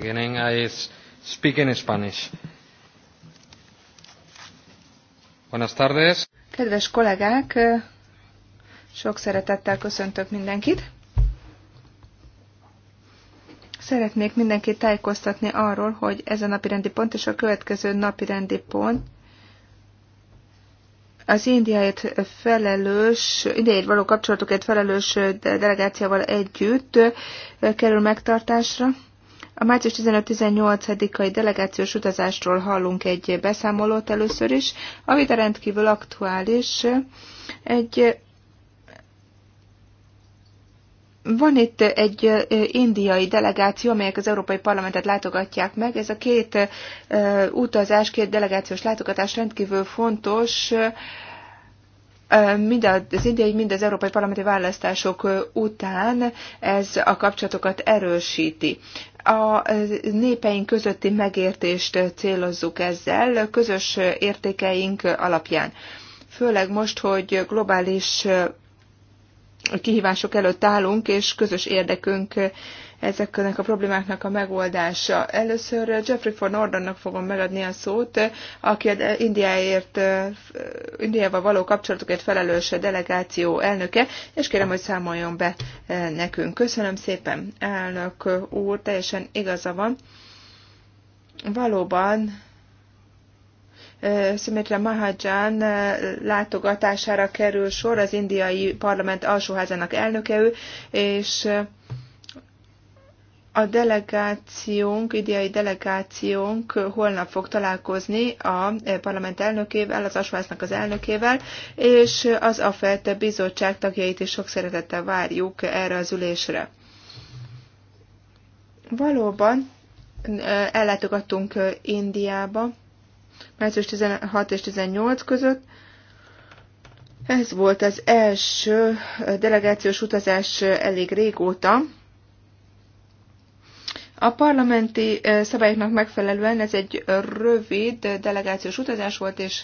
beginning. I speak in Spanish. Buenas tardes. Kedves kollégák, sok szeretettel köszöntök mindenkit. Szeretnék mindenkit tájékoztatni arról, hogy ez a napirendi pont és a következő napirendi pont az Indiáért felelős, Indiáért való kapcsolatokért felelős delegációval együtt kerül megtartásra. A március 15-18-ai delegációs utazásról hallunk egy beszámolót először is, ami a rendkívül aktuális. Egy van itt egy indiai delegáció, amelyek az Európai Parlamentet látogatják meg. Ez a két utazás, két delegációs látogatás rendkívül fontos mind az indiai, mind az európai parlamenti választások után ez a kapcsolatokat erősíti a népeink közötti megértést célozzuk ezzel, közös értékeink alapján. Főleg most, hogy globális kihívások előtt állunk, és közös érdekünk ezeknek a problémáknak a megoldása. Először Jeffrey von Ordonnak fogom megadni a szót, aki az Indiáért, Indiával való kapcsolatokért felelős delegáció elnöke, és kérem, hogy számoljon be nekünk. Köszönöm szépen, elnök úr, teljesen igaza van. Valóban Sumitra Mahajan látogatására kerül sor, az indiai parlament alsóházának elnöke ő, és a delegációnk, idei delegációnk holnap fog találkozni a parlament elnökével, az Asvásznak az elnökével, és az AFELTE bizottság tagjait is sok szeretettel várjuk erre az ülésre. Valóban eh, ellátogattunk eh, Indiába, március 16 és 18 között, ez volt az első eh, delegációs utazás elég régóta, a parlamenti szabályoknak megfelelően ez egy rövid delegációs utazás volt, és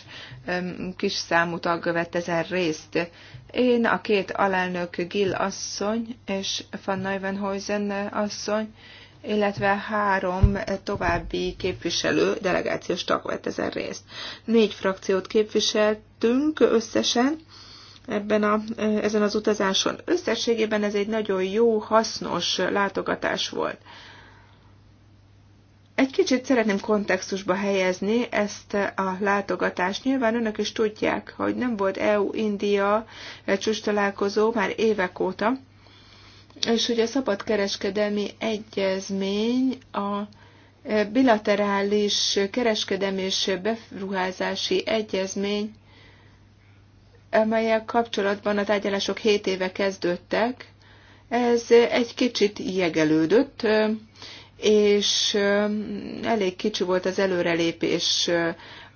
kis számú tag vett ezen részt. Én, a két alelnök Gill asszony és Van Neuwenhuizen asszony, illetve három további képviselő, delegációs tag vett ezen részt. Négy frakciót képviseltünk összesen ebben a, ezen az utazáson. Összességében ez egy nagyon jó, hasznos látogatás volt. Egy kicsit szeretném kontextusba helyezni ezt a látogatást. Nyilván önök is tudják, hogy nem volt EU-India csúcs találkozó már évek óta, és hogy a szabadkereskedelmi egyezmény a bilaterális kereskedelmi és beruházási egyezmény, amelyek kapcsolatban a tárgyalások 7 éve kezdődtek, ez egy kicsit jegelődött, és elég kicsi volt az előrelépés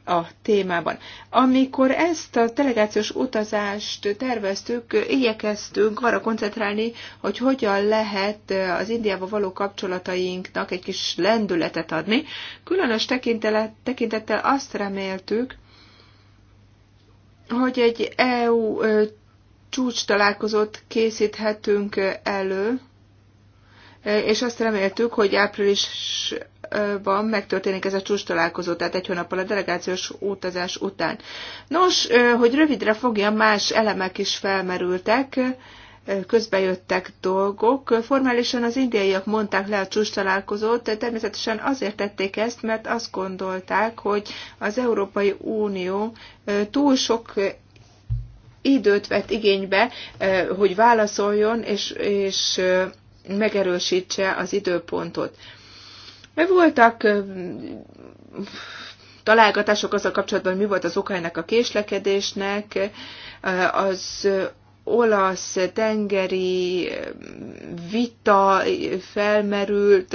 a témában. Amikor ezt a delegációs utazást terveztük, igyekeztünk arra koncentrálni, hogy hogyan lehet az Indiába való kapcsolatainknak egy kis lendületet adni. Különös tekintettel azt reméltük, hogy egy EU csúcs találkozót készíthetünk elő, és azt reméltük, hogy áprilisban megtörténik ez a csúcs találkozó, tehát egy hónappal a delegációs utazás után. Nos, hogy rövidre fogja? más elemek is felmerültek, közbejöttek dolgok. Formálisan az indiaiak mondták le a csúcs találkozót, természetesen azért tették ezt, mert azt gondolták, hogy az Európai Unió túl sok időt vett igénybe, hogy válaszoljon, és, és megerősítse az időpontot. Voltak találgatások azzal kapcsolatban, hogy mi volt az oka ennek a késlekedésnek, az olasz tengeri vita felmerült,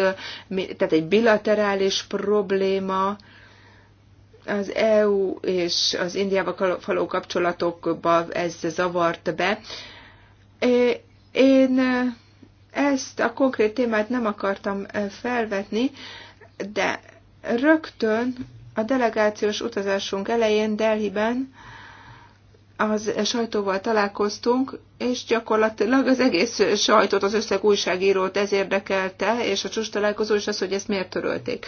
tehát egy bilaterális probléma, az EU és az Indiával való kapcsolatokba ez zavart be. Én ezt a konkrét témát nem akartam felvetni, de rögtön a delegációs utazásunk elején Delhiben az sajtóval találkoztunk, és gyakorlatilag az egész sajtót, az összeg újságírót ez érdekelte, és a csúcs találkozó is az, hogy ezt miért törölték.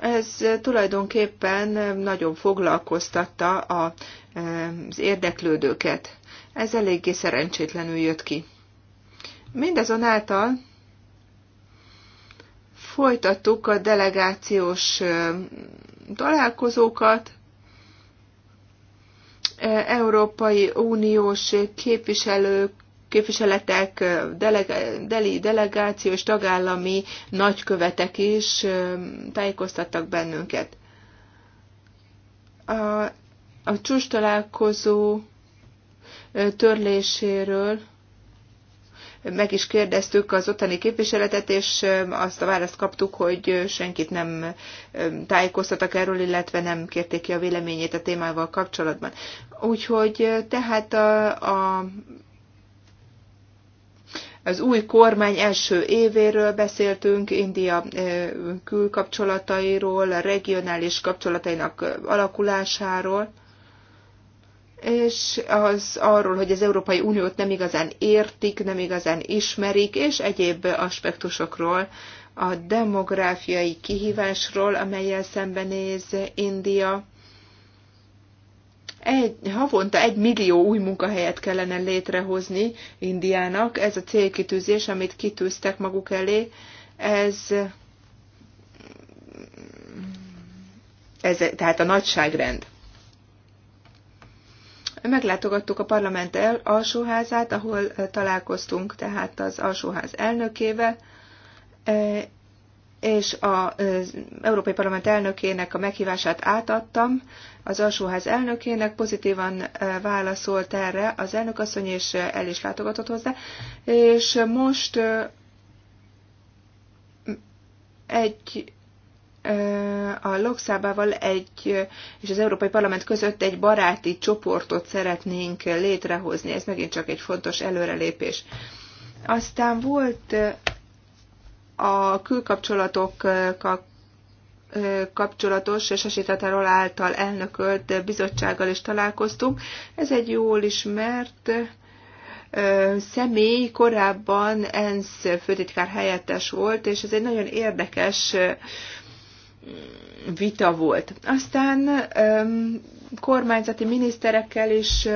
Ez tulajdonképpen nagyon foglalkoztatta az érdeklődőket. Ez eléggé szerencsétlenül jött ki. Mindazonáltal folytattuk a delegációs találkozókat, Európai Uniós képviselők, képviseletek, delege, deli delegációs tagállami nagykövetek is tájékoztattak bennünket. A, a csúcs találkozó törléséről meg is kérdeztük az ottani képviseletet, és azt a választ kaptuk, hogy senkit nem tájékoztattak erről, illetve nem kérték ki a véleményét a témával kapcsolatban. Úgyhogy tehát a, a az új kormány első évéről beszéltünk, India külkapcsolatairól, a regionális kapcsolatainak alakulásáról és az arról, hogy az Európai Uniót nem igazán értik, nem igazán ismerik, és egyéb aspektusokról, a demográfiai kihívásról, amelyel szembenéz India. Egy, havonta egy millió új munkahelyet kellene létrehozni Indiának. Ez a célkitűzés, amit kitűztek maguk elé, ez ez, tehát a nagyságrend meglátogattuk a parlament el, alsóházát, ahol találkoztunk tehát az alsóház elnökével, és az Európai Parlament elnökének a meghívását átadtam, az alsóház elnökének pozitívan válaszolt erre az elnökasszony, és el is látogatott hozzá, és most egy a Lokszábával egy, és az Európai Parlament között egy baráti csoportot szeretnénk létrehozni. Ez megint csak egy fontos előrelépés. Aztán volt a külkapcsolatokkal kapcsolatos Sasi Tatarol által elnökölt bizottsággal is találkoztunk. Ez egy jól ismert személy, korábban ENSZ főtitkár helyettes volt, és ez egy nagyon érdekes vita volt. Aztán kormányzati miniszterekkel is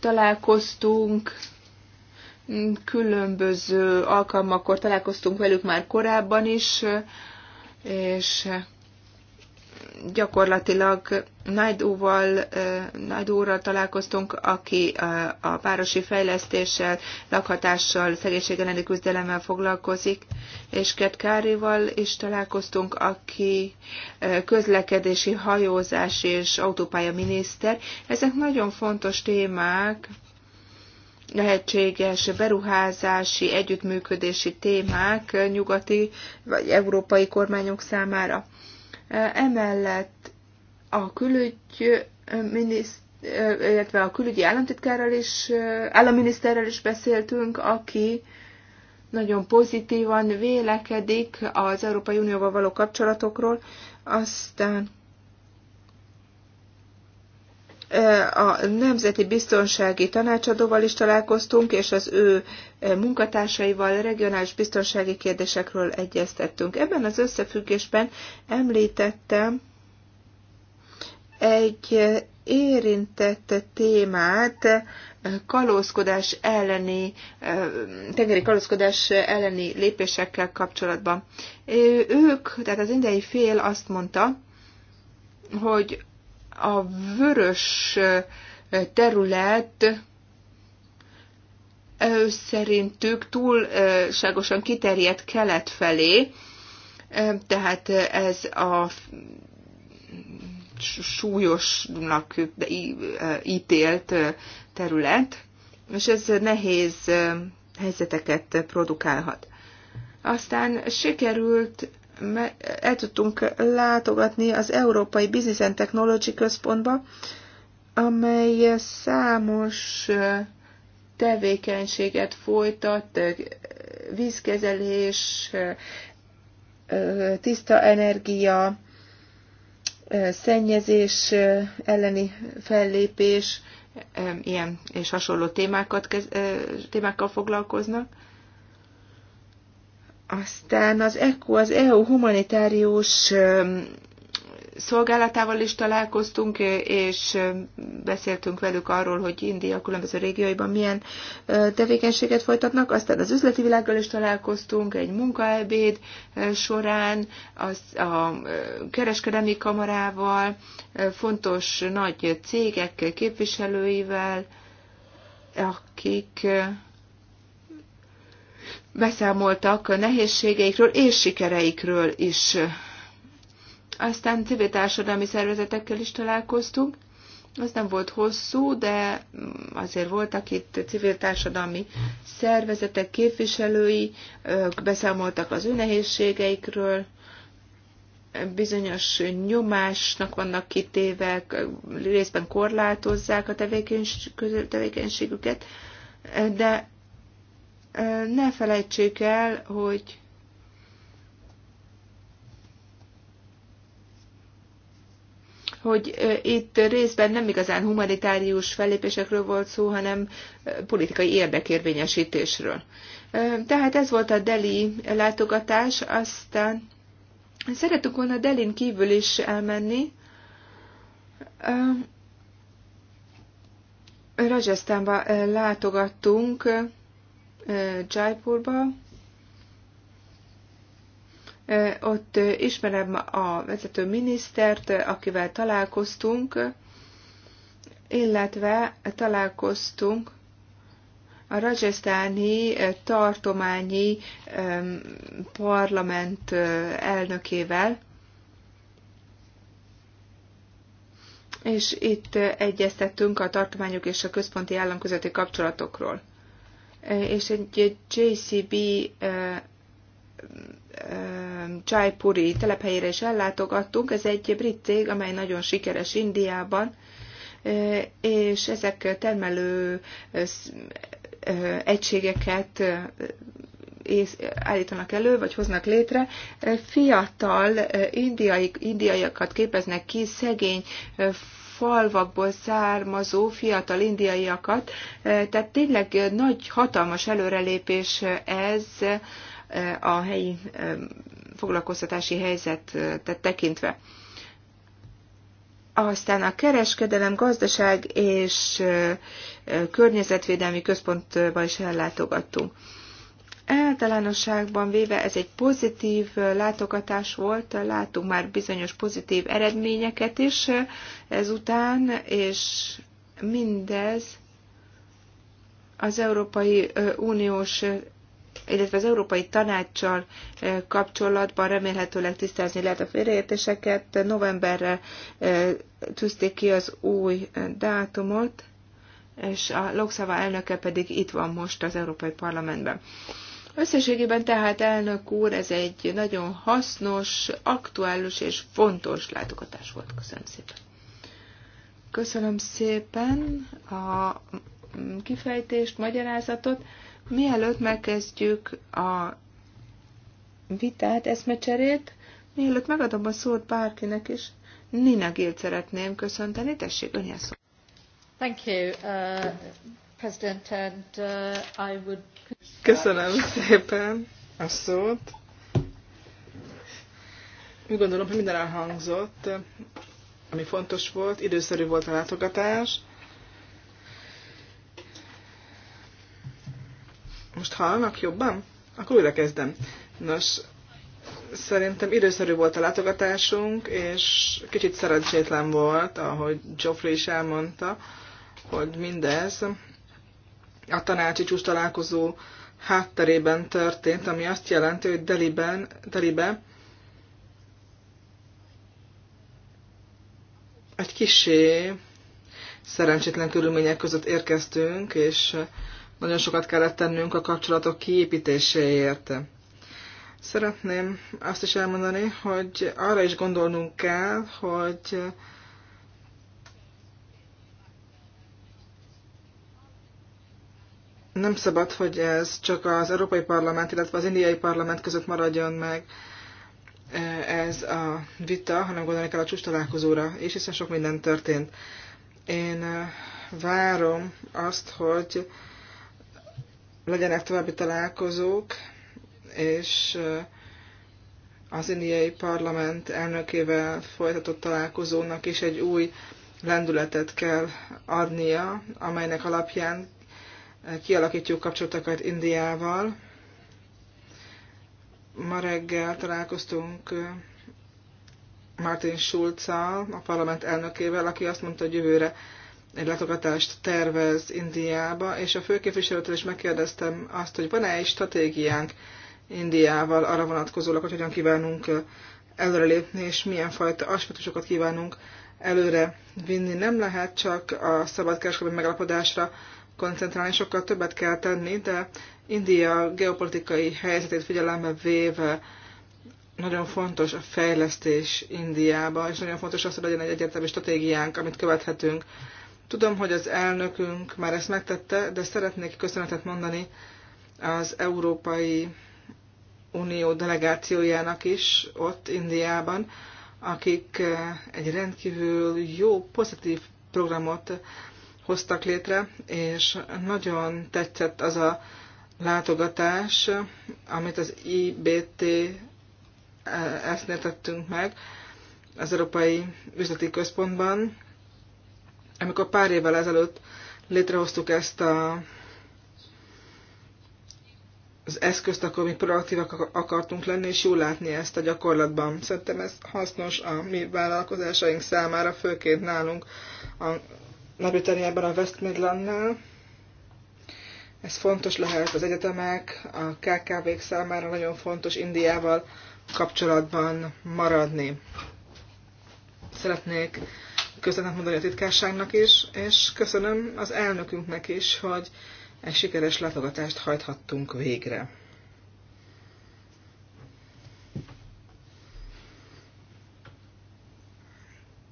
találkoztunk, különböző alkalmakkor találkoztunk velük már korábban is, és gyakorlatilag Naidóval, Najdóral találkoztunk, aki a városi fejlesztéssel, lakhatással, szegénység elleni küzdelemmel foglalkozik, és Ketkárival is találkoztunk, aki közlekedési, hajózás és autópálya miniszter. Ezek nagyon fontos témák, lehetséges beruházási, együttműködési témák nyugati vagy európai kormányok számára. Emellett a külügy miniszt, illetve a külügyi államtitkárral is, államminiszterrel is beszéltünk, aki nagyon pozitívan vélekedik az Európai Unióval való kapcsolatokról, aztán a Nemzeti Biztonsági Tanácsadóval is találkoztunk, és az ő munkatársaival regionális biztonsági kérdésekről egyeztettünk. Ebben az összefüggésben említettem egy érintett témát, kalózkodás elleni, tengeri kalózkodás elleni lépésekkel kapcsolatban. Ők, tehát az indiai fél azt mondta, hogy a vörös terület szerintük túlságosan kiterjedt kelet felé, tehát ez a súlyosnak ítélt terület, és ez nehéz helyzeteket produkálhat. Aztán sikerült el tudtunk látogatni az Európai Business and Technology Központba, amely számos tevékenységet folytat, vízkezelés, tiszta energia, szennyezés elleni fellépés, ilyen és hasonló témákat, témákkal foglalkoznak. Aztán az ECO, az EU humanitárius szolgálatával is találkoztunk, és beszéltünk velük arról, hogy India különböző régióiban milyen tevékenységet folytatnak. Aztán az üzleti világgal is találkoztunk egy munkaebéd során, az, a kereskedelmi kamarával, fontos nagy cégek képviselőivel, akik beszámoltak nehézségeikről és sikereikről is. Aztán civil társadalmi szervezetekkel is találkoztunk. Az nem volt hosszú, de azért voltak itt civil társadalmi szervezetek képviselői, ők beszámoltak az ő nehézségeikről, bizonyos nyomásnak vannak kitéve, részben korlátozzák a tevékenységüket, de ne felejtsék el, hogy hogy itt részben nem igazán humanitárius fellépésekről volt szó, hanem politikai érdekérvényesítésről. Tehát ez volt a Deli látogatás, aztán szeretünk volna Delin kívül is elmenni. Rajasztánba látogattunk, Jaipurba, ott ismerem a vezető minisztert, akivel találkoztunk, illetve találkoztunk a rajasztáni tartományi parlament elnökével, és itt egyeztettünk a tartományok és a központi állam közötti kapcsolatokról és egy JCB Jaipuri telephelyére is ellátogattunk. Ez egy brit cég, amely nagyon sikeres Indiában, és ezek termelő egységeket állítanak elő, vagy hoznak létre. Fiatal indiai, indiaiakat képeznek ki szegény falvakból származó fiatal indiaiakat. Tehát tényleg nagy, hatalmas előrelépés ez a helyi foglalkoztatási helyzetet tekintve. Aztán a kereskedelem, gazdaság és környezetvédelmi központba is ellátogattunk. Általánosságban véve ez egy pozitív látogatás volt, Látunk már bizonyos pozitív eredményeket is ezután, és mindez az Európai Uniós, illetve az Európai Tanácssal kapcsolatban remélhetőleg tisztázni lehet a félreértéseket. Novemberre tűzték ki az új dátumot, és a Lokszava elnöke pedig itt van most az Európai Parlamentben. Összességében tehát, elnök úr, ez egy nagyon hasznos, aktuális és fontos látogatás volt. Köszönöm szépen. Köszönöm szépen a kifejtést, magyarázatot. Mielőtt megkezdjük a vitát, eszmecserét, mielőtt megadom a szót bárkinek is, Nina Gilt szeretném köszönteni. Tessék, önjel szó. Thank you, uh, President, and uh, I would Köszönöm szépen a szót. Úgy gondolom, hogy minden elhangzott, ami fontos volt, időszerű volt a látogatás. Most hallnak jobban? Akkor újra kezdem. Nos, szerintem időszerű volt a látogatásunk, és kicsit szerencsétlen volt, ahogy Geoffrey is elmondta, hogy mindez a tanácsi csúcs találkozó hátterében történt, ami azt jelenti, hogy Deliben, Delibe egy kisé szerencsétlen körülmények között érkeztünk, és nagyon sokat kellett tennünk a kapcsolatok kiépítéséért. Szeretném azt is elmondani, hogy arra is gondolnunk kell, hogy nem szabad, hogy ez csak az Európai Parlament, illetve az Indiai Parlament között maradjon meg e, ez a vita, hanem gondolni kell a csúcs találkozóra, és hiszen sok minden történt. Én e, várom azt, hogy legyenek további találkozók, és e, az indiai parlament elnökével folytatott találkozónak is egy új lendületet kell adnia, amelynek alapján kialakítjuk kapcsolatokat Indiával. Ma reggel találkoztunk Martin schulz a parlament elnökével, aki azt mondta, hogy jövőre egy látogatást tervez Indiába, és a főképviselőtől is megkérdeztem azt, hogy van-e egy stratégiánk Indiával arra vonatkozólag, hogy hogyan kívánunk előrelépni, és milyen fajta aspektusokat kívánunk előre vinni. Nem lehet csak a szabadkereskedelmi megalapodásra koncentrálni, sokkal többet kell tenni, de India geopolitikai helyzetét figyelembe véve nagyon fontos a fejlesztés Indiában, és nagyon fontos az, hogy legyen egy egyértelmű stratégiánk, amit követhetünk. Tudom, hogy az elnökünk már ezt megtette, de szeretnék köszönetet mondani az Európai Unió delegációjának is ott Indiában, akik egy rendkívül jó, pozitív programot hoztak létre, és nagyon tetszett az a látogatás, amit az IBT esznél meg az Európai Üzleti Központban. Amikor pár évvel ezelőtt létrehoztuk ezt a, az eszközt, akkor mi proaktívak akartunk lenni, és jól látni ezt a gyakorlatban. Szerintem ez hasznos a mi vállalkozásaink számára, főként nálunk a nagy a West Midlandnál. Ez fontos lehet az egyetemek, a KKV-k számára nagyon fontos Indiával kapcsolatban maradni. Szeretnék köszönet mondani a titkárságnak is, és köszönöm az elnökünknek is, hogy egy sikeres látogatást hajthattunk végre.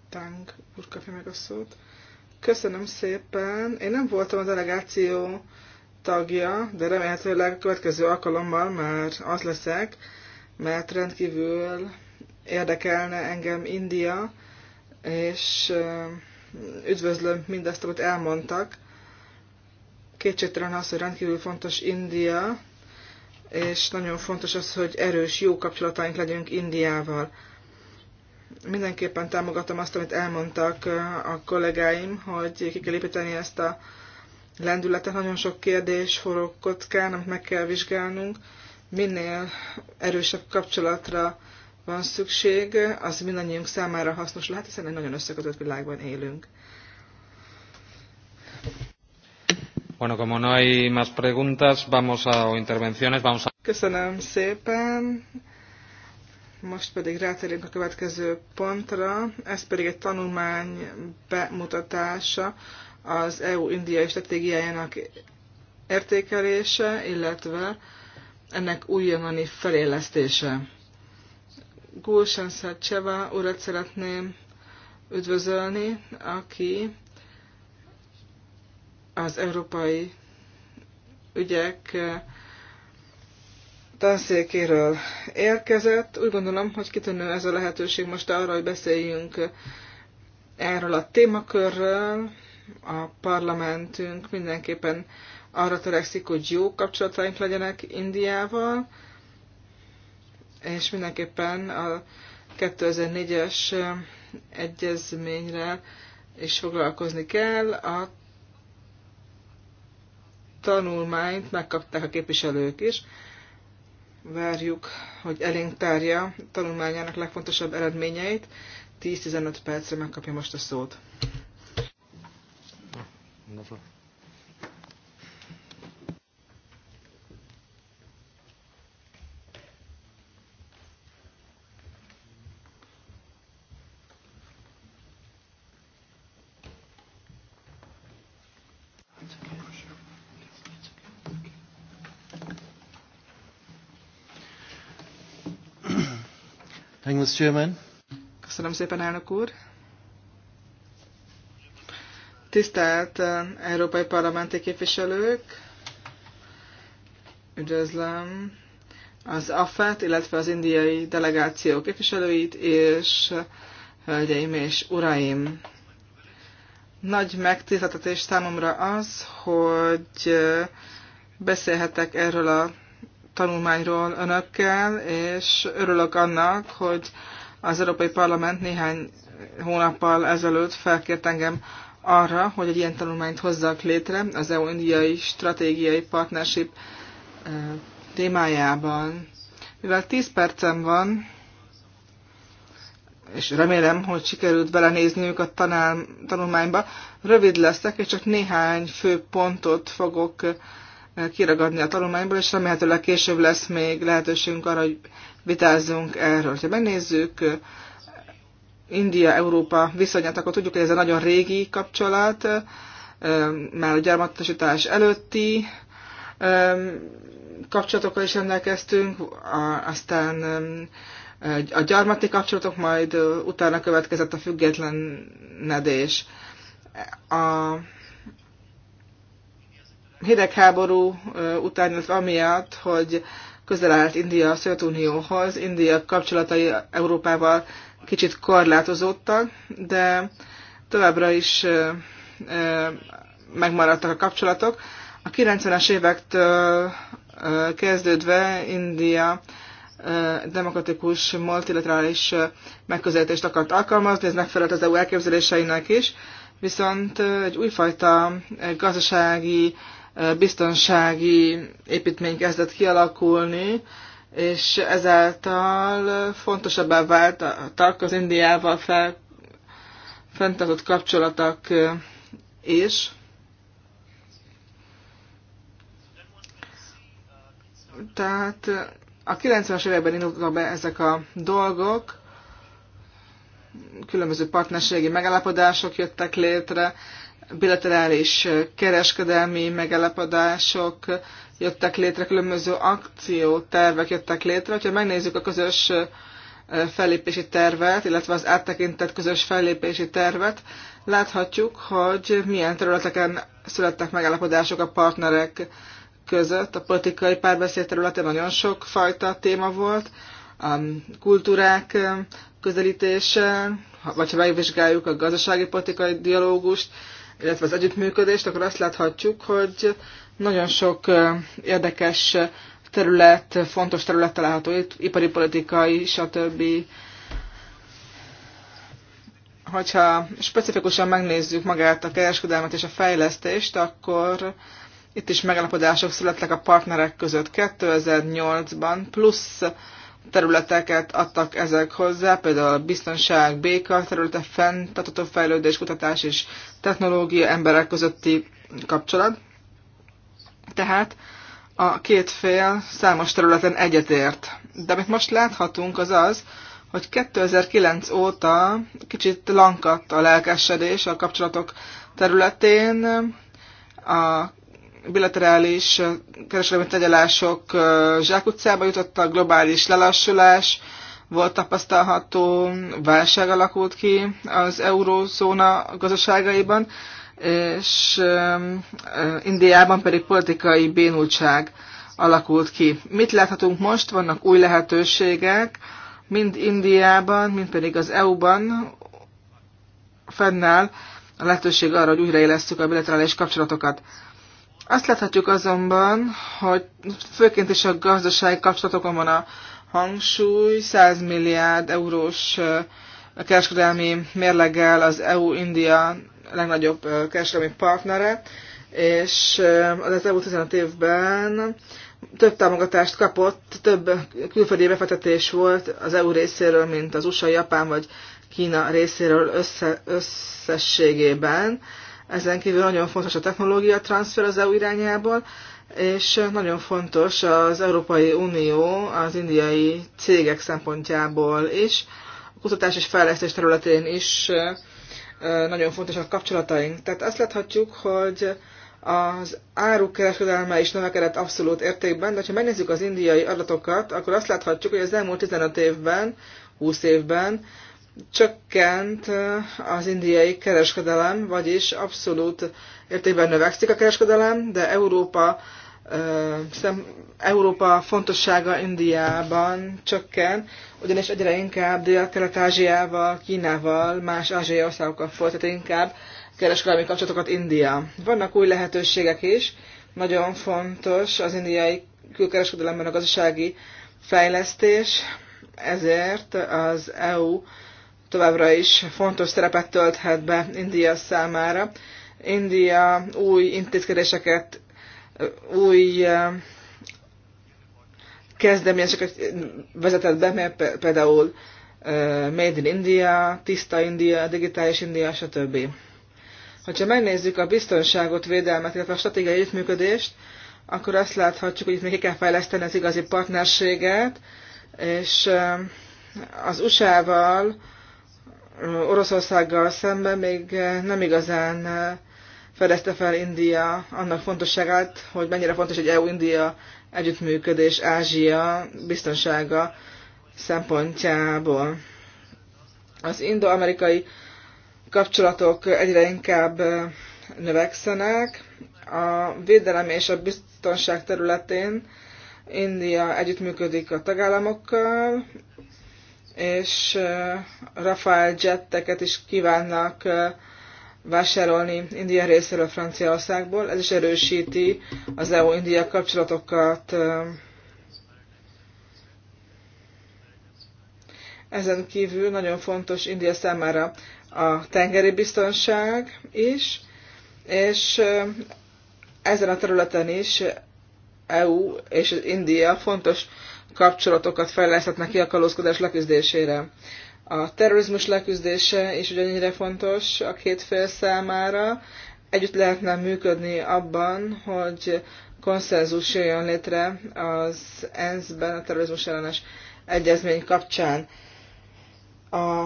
Tang úr kapja meg a szót. Köszönöm szépen. Én nem voltam a delegáció tagja, de remélhetőleg a következő alkalommal már az leszek, mert rendkívül érdekelne engem India, és üdvözlöm mindazt, amit elmondtak. Kétségtelen az, hogy rendkívül fontos India, és nagyon fontos az, hogy erős, jó kapcsolataink legyünk Indiával mindenképpen támogatom azt, amit elmondtak eh, a kollégáim, hogy ki kell építeni ezt a lendületet. Nagyon sok kérdés forró kockán, amit meg kell vizsgálnunk. Minél erősebb kapcsolatra van szükség, az mindannyiunk számára hasznos lehet, hiszen egy nagyon összekötött világban élünk. Bueno, como no hay más preguntas, vamos a, o intervenciones, vamos a... Köszönöm szépen. Most pedig rátérünk a következő pontra, ez pedig egy tanulmány bemutatása az EU-indiai stratégiájának értékelése, illetve ennek újongani felélesztése. Gulsen Szercseva urat szeretném üdvözölni, aki az európai ügyek tanszékéről érkezett. Úgy gondolom, hogy kitűnő ez a lehetőség most arra, hogy beszéljünk erről a témakörről. A parlamentünk mindenképpen arra törekszik, hogy jó kapcsolataink legyenek Indiával, és mindenképpen a 2004-es egyezményre is foglalkozni kell. A tanulmányt megkapták a képviselők is várjuk, hogy elénk tárja tanulmányának legfontosabb eredményeit. 10-15 percre megkapja most a szót. Never. Mr. Chairman. Köszönöm szépen, elnök úr. Tisztelt uh, Európai Parlamenti képviselők, üdvözlöm az AFET, illetve az indiai delegáció képviselőit, és hölgyeim és uraim! Nagy megtiszteltetés számomra az, hogy uh, beszélhetek erről a tanulmányról önökkel, és örülök annak, hogy az Európai Parlament néhány hónappal ezelőtt felkért engem arra, hogy egy ilyen tanulmányt hozzak létre az EU-indiai stratégiai partnership eh, témájában. Mivel 10 percem van, és remélem, hogy sikerült belenézniük a tanál, tanulmányba, rövid leszek, és csak néhány fő pontot fogok eh, kiragadni a tanulmányból, és remélhetőleg később lesz még lehetőségünk arra, hogy vitázzunk erről. Ha megnézzük India-Európa viszonyát, akkor tudjuk, hogy ez a nagyon régi kapcsolat, már a gyarmatosítás előtti kapcsolatokkal is rendelkeztünk, aztán a gyarmati kapcsolatok, majd utána következett a függetlenedés. A hidegháború után, az amiatt, hogy közel állt India a Szovjetunióhoz, India kapcsolatai Európával kicsit korlátozódtak, de továbbra is megmaradtak a kapcsolatok. A 90-es évektől kezdődve India demokratikus, multilaterális megközelítést akart alkalmazni, ez megfelelt az EU elképzeléseinek is, viszont egy újfajta gazdasági biztonsági építmény kezdett kialakulni, és ezáltal fontosabbá váltak az Indiával fel, fenntartott kapcsolatok is. Tehát a 90-es években indultak be ezek a dolgok, különböző partnerségi megállapodások jöttek létre, bilaterális kereskedelmi megelepadások jöttek létre, különböző akciótervek jöttek létre. Ha megnézzük a közös fellépési tervet, illetve az áttekintett közös fellépési tervet, láthatjuk, hogy milyen területeken születtek megállapodások a partnerek között. A politikai párbeszéd területe nagyon sok fajta téma volt, a kultúrák közelítése, vagy ha megvizsgáljuk a gazdasági politikai dialógust, illetve az együttműködést, akkor azt láthatjuk, hogy nagyon sok érdekes terület, fontos terület található itt, ipari politikai, stb. Hogyha specifikusan megnézzük magát a kereskedelmet és a fejlesztést, akkor itt is megállapodások születtek a partnerek között 2008-ban, plusz területeket adtak ezek hozzá, például a biztonság, béka területe, fenntartató fejlődés, kutatás és technológia, emberek közötti kapcsolat. Tehát a két fél számos területen egyetért. De amit most láthatunk az az, hogy 2009 óta kicsit lankadt a lelkesedés a kapcsolatok területén, a bilaterális kereskedelmi tegyelások zsákutcába jutottak, globális lelassulás volt tapasztalható, válság alakult ki az eurózóna gazdaságaiban, és Indiában pedig politikai bénultság alakult ki. Mit láthatunk most? Vannak új lehetőségek, mind Indiában, mind pedig az EU-ban fennáll a lehetőség arra, hogy újraélesztjük a bilaterális kapcsolatokat. Azt láthatjuk azonban, hogy főként is a gazdasági kapcsolatokon van a hangsúly, 100 milliárd eurós kereskedelmi mérleggel az EU-India legnagyobb kereskedelmi partnere, és az EU 15 évben több támogatást kapott, több külföldi befektetés volt az EU részéről, mint az USA, Japán vagy Kína részéről össze, összességében. Ezen kívül nagyon fontos a technológia transfer az EU irányából, és nagyon fontos az Európai Unió az indiai cégek szempontjából is, a kutatás és fejlesztés területén is nagyon fontos a kapcsolataink. Tehát azt láthatjuk, hogy az áruk kereskedelme is növekedett abszolút értékben, de ha megnézzük az indiai adatokat, akkor azt láthatjuk, hogy az elmúlt 15 évben, 20 évben csökkent az indiai kereskedelem, vagyis abszolút értékben növekszik a kereskedelem, de Európa, Európa fontossága Indiában csökken, ugyanis egyre inkább Dél-Kelet-Ázsiával, Kínával, más ázsiai országokkal folytat inkább kereskedelmi kapcsolatokat India. Vannak új lehetőségek is, nagyon fontos az indiai külkereskedelemben a gazdasági fejlesztés, ezért az EU továbbra is fontos szerepet tölthet be India számára. India új intézkedéseket, új kezdeményezéseket vezetett be, például Made in India, Tiszta India, Digitális India, stb. Ha megnézzük a biztonságot, védelmet, illetve a stratégiai együttműködést, akkor azt láthatjuk, hogy itt még ki kell fejleszteni az igazi partnerséget, és az USA-val Oroszországgal szemben még eh, nem igazán eh, fedezte fel India annak fontosságát, hogy mennyire fontos egy EU-India együttműködés Ázsia biztonsága szempontjából. Az indo-amerikai kapcsolatok egyre inkább eh, növekszenek. A védelem és a biztonság területén India együttműködik a tagállamokkal, és Rafael jetteket is kívánnak vásárolni India részéről Franciaországból. Ez is erősíti az EU-India kapcsolatokat. Ezen kívül nagyon fontos India számára a tengeri biztonság is, és ezen a területen is EU és az India fontos kapcsolatokat fejleszthetnek ki a kalózkodás leküzdésére. A terrorizmus leküzdése is ugyanennyire fontos a két fél számára. Együtt lehetne működni abban, hogy konszenzus jöjjön létre az ENSZ-ben a terrorizmus ellenes egyezmény kapcsán. A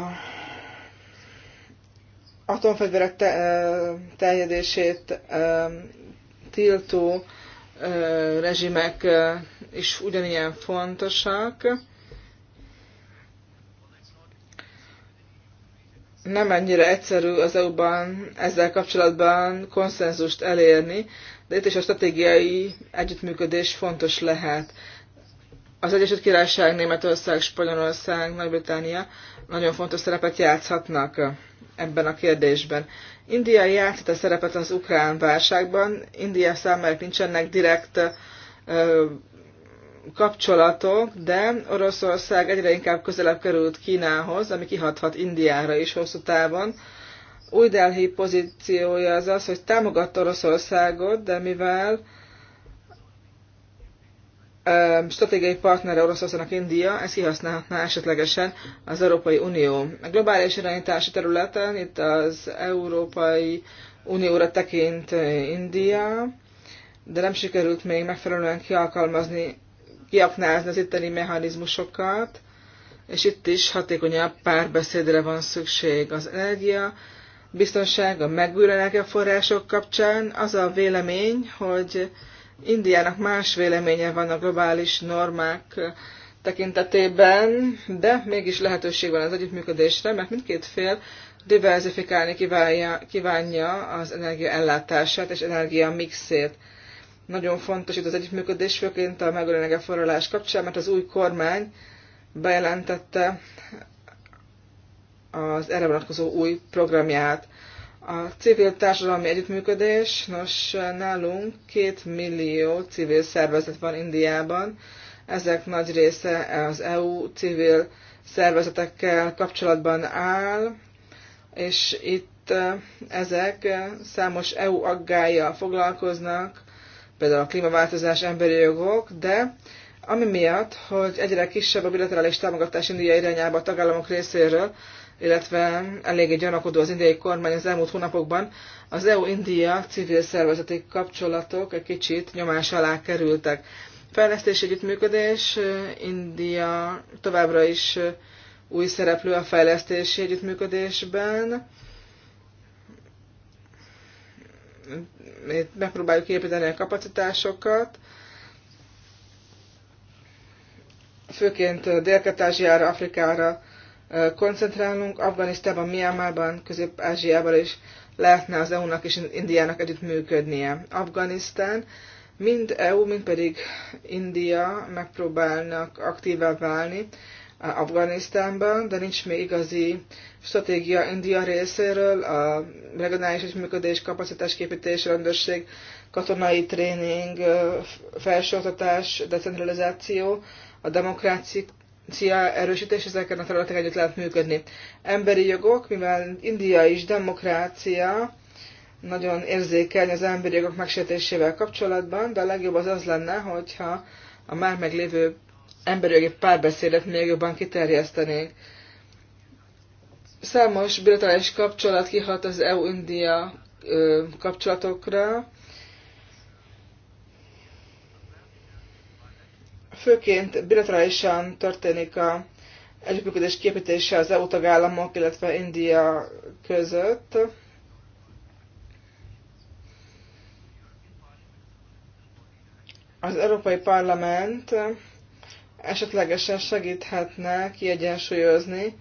atomfegyverek te, terjedését tiltó rezsimek is ugyanilyen fontosak. Nem ennyire egyszerű az EU-ban ezzel kapcsolatban konszenzust elérni, de itt is a stratégiai együttműködés fontos lehet. Az Egyesült Királyság, Németország, Spanyolország, Nagy-Britannia nagyon fontos szerepet játszhatnak ebben a kérdésben. India játszott a szerepet az ukrán válságban. India számára nincsenek direkt ö, kapcsolatok, de Oroszország egyre inkább közelebb került Kínához, ami kihathat Indiára is hosszú távon. Új Delhi pozíciója az az, hogy támogatta Oroszországot, de mivel stratégiai partnere Oroszországnak India, ezt kihasználhatná esetlegesen az Európai Unió. A globális irányítási területen itt az Európai Unióra tekint India, de nem sikerült még megfelelően kialkalmazni, kiaknázni az itteni mechanizmusokat, és itt is hatékonyabb párbeszédre van szükség az energia, biztonság, a megújuló energiaforrások kapcsán. Az a vélemény, hogy Indiának más véleménye van a globális normák tekintetében, de mégis lehetőség van az együttműködésre, mert mindkét fél diversifikálni kívánja, kívánja az energia ellátását és energia mixét. Nagyon fontos itt az együttműködés, főként a megölőnege forralás kapcsán, mert az új kormány bejelentette az erre vonatkozó új programját. A civil társadalmi együttműködés, nos nálunk két millió civil szervezet van Indiában, ezek nagy része az EU civil szervezetekkel kapcsolatban áll, és itt ezek számos EU aggájjal foglalkoznak, például a klímaváltozás, emberi jogok, de ami miatt, hogy egyre kisebb a bilaterális támogatás India irányába a tagállamok részéről, illetve eléggé gyanakodó az indiai kormány az elmúlt hónapokban, az EU-India civil szervezeti kapcsolatok egy kicsit nyomás alá kerültek. Fejlesztés együttműködés, India továbbra is új szereplő a fejlesztési együttműködésben. Itt megpróbáljuk építeni a kapacitásokat, főként dél ázsiára Afrikára koncentrálnunk. Afganisztában, Myanmarban, Közép-Ázsiában is lehetne az EU-nak és Indiának együtt működnie. Afganisztán mind EU, mind pedig India megpróbálnak aktívá válni Afganisztánban, de nincs még igazi stratégia India részéről, a regionális kapacitás képítés, rendőrség, katonai tréning, felsőoktatás, decentralizáció, a demokrácia erősítés, ezeken a területeken együtt lehet működni. Emberi jogok, mivel India is demokrácia, nagyon érzékeny az emberi jogok megsértésével kapcsolatban, de a legjobb az az lenne, hogyha a már meglévő emberi jogi párbeszédet még jobban kiterjesztenénk. Számos bilaterális kapcsolat kihat az EU-India kapcsolatokra, Főként bilaterálisan történik a együttműködés képítése az EU tagállamok, illetve India között. Az Európai Parlament esetlegesen segíthetne kiegyensúlyozni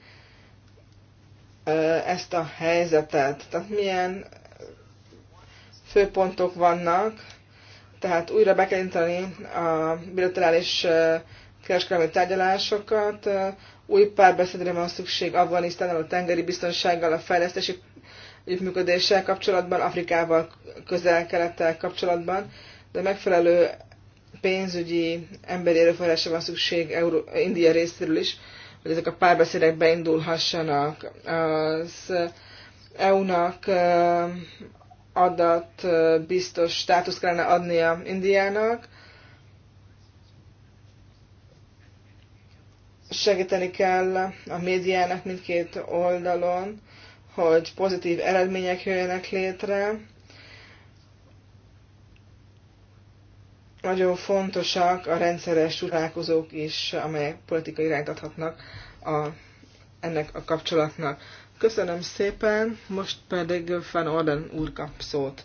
eh, ezt a helyzetet. Tehát milyen főpontok vannak, tehát újra be kell indítani a bilaterális kereskedelmi tárgyalásokat, új párbeszédre van szükség Afganisztánnal, a tengeri biztonsággal, a fejlesztési együttműködéssel kapcsolatban, Afrikával, közel-kelettel kapcsolatban, de megfelelő pénzügyi emberi erőforrásra van szükség Euró- India részéről is, hogy ezek a párbeszédek beindulhassanak. Az EU-nak adat biztos státusz kellene adnia Indiának. Segíteni kell a médiának mindkét oldalon, hogy pozitív eredmények jöjjenek létre. Nagyon fontosak a rendszeres találkozók is, amelyek politikai irányt adhatnak a, ennek a kapcsolatnak. Köszönöm szépen, most pedig Van Orden úr kap szót.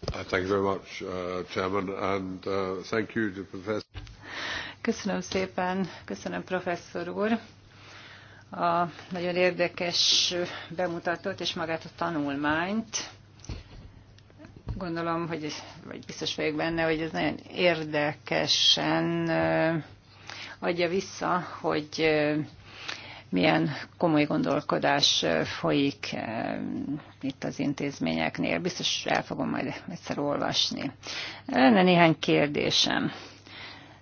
Thank you very much, uh, Chairman, and uh, thank you to Professor. Köszönöm szépen, köszönöm professzor úr a nagyon érdekes bemutatót és magát a tanulmányt. Gondolom, hogy, vagy biztos vagyok benne, hogy ez nagyon érdekesen uh, adja vissza, hogy milyen komoly gondolkodás folyik itt az intézményeknél. Biztos el fogom majd egyszer olvasni. Lenne néhány kérdésem.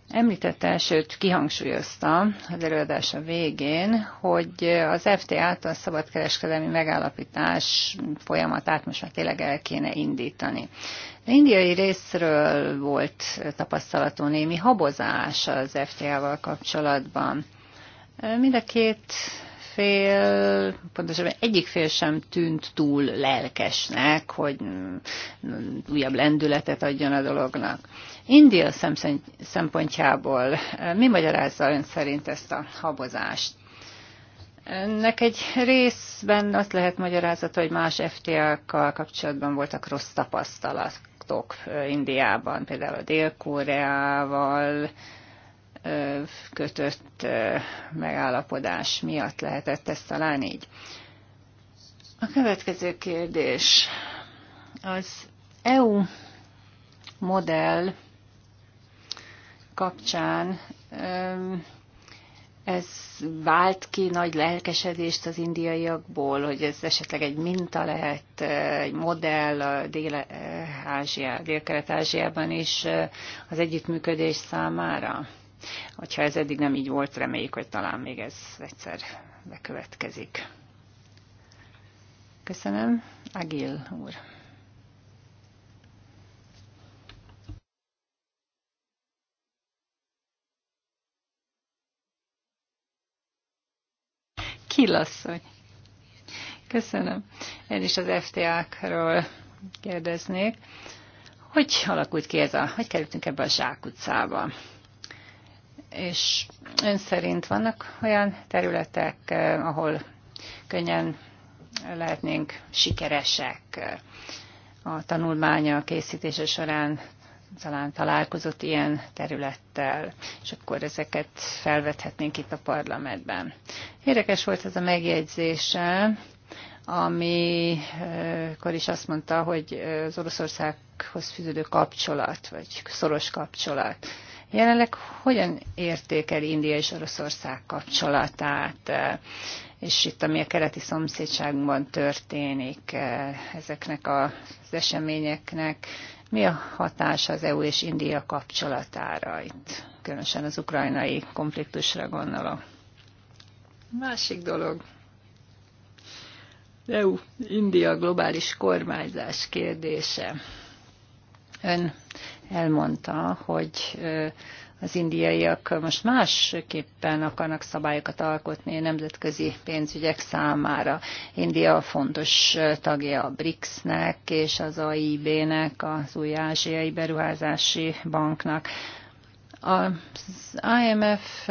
Említette, sőt kihangsúlyozta az előadása végén, hogy az FTA-t a szabadkereskedelmi megállapítás folyamatát most már tényleg el kéne indítani indiai részről volt tapasztalatú némi habozás az FTA-val kapcsolatban. Mind a két fél, pontosabban egyik fél sem tűnt túl lelkesnek, hogy újabb lendületet adjon a dolognak. India szempontjából mi magyarázza ön szerint ezt a habozást? Ennek egy részben azt lehet magyarázat, hogy más FTA-kkal kapcsolatban voltak rossz tapasztalatok kapcsolatok Indiában, például Dél-Koreával kötött megállapodás miatt lehetett ezt talán így. A következő kérdés. Az EU modell kapcsán ez vált ki nagy lelkesedést az indiaiakból, hogy ez esetleg egy minta lehet, egy modell a déle, Ázsia, Dél-Kelet-Ázsiában is az együttműködés számára? Hogyha ez eddig nem így volt, reméljük, hogy talán még ez egyszer bekövetkezik. Köszönöm. Agil úr. Kilasszony. Köszönöm. Én is az FTA-król kérdeznék. Hogy alakult ki ez a, hogy kerültünk ebbe a zsákutcába? És ön szerint vannak olyan területek, eh, ahol könnyen lehetnénk sikeresek a tanulmánya készítése során talán találkozott ilyen területtel, és akkor ezeket felvethetnénk itt a parlamentben. Érdekes volt ez a megjegyzése, amikor eh, is azt mondta, hogy eh, az Oroszországhoz fűződő kapcsolat, vagy szoros kapcsolat. Jelenleg hogyan értékeli India és Oroszország kapcsolatát, eh, és itt ami a keleti szomszédságban történik ezeknek az eseményeknek, mi a hatás az EU és India kapcsolatára itt, különösen az ukrajnai konfliktusra gondolok. Másik dolog, EU-India globális kormányzás kérdése. Ön elmondta, hogy az indiaiak most másképpen akarnak szabályokat alkotni a nemzetközi pénzügyek számára. India fontos tagja a BRICS-nek és az AIB-nek, az új ázsiai beruházási banknak. Az IMF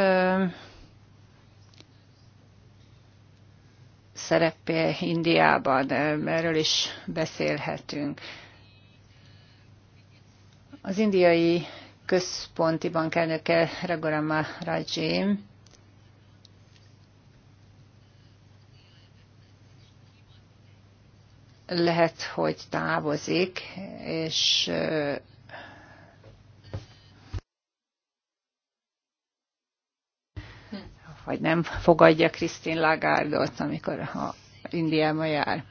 szerepe Indiában, erről is beszélhetünk. Az indiai központi bank elnöke Ragorama Rajim lehet, hogy távozik, és vagy nem fogadja Krisztin Lagárdot, amikor a Indiába jár.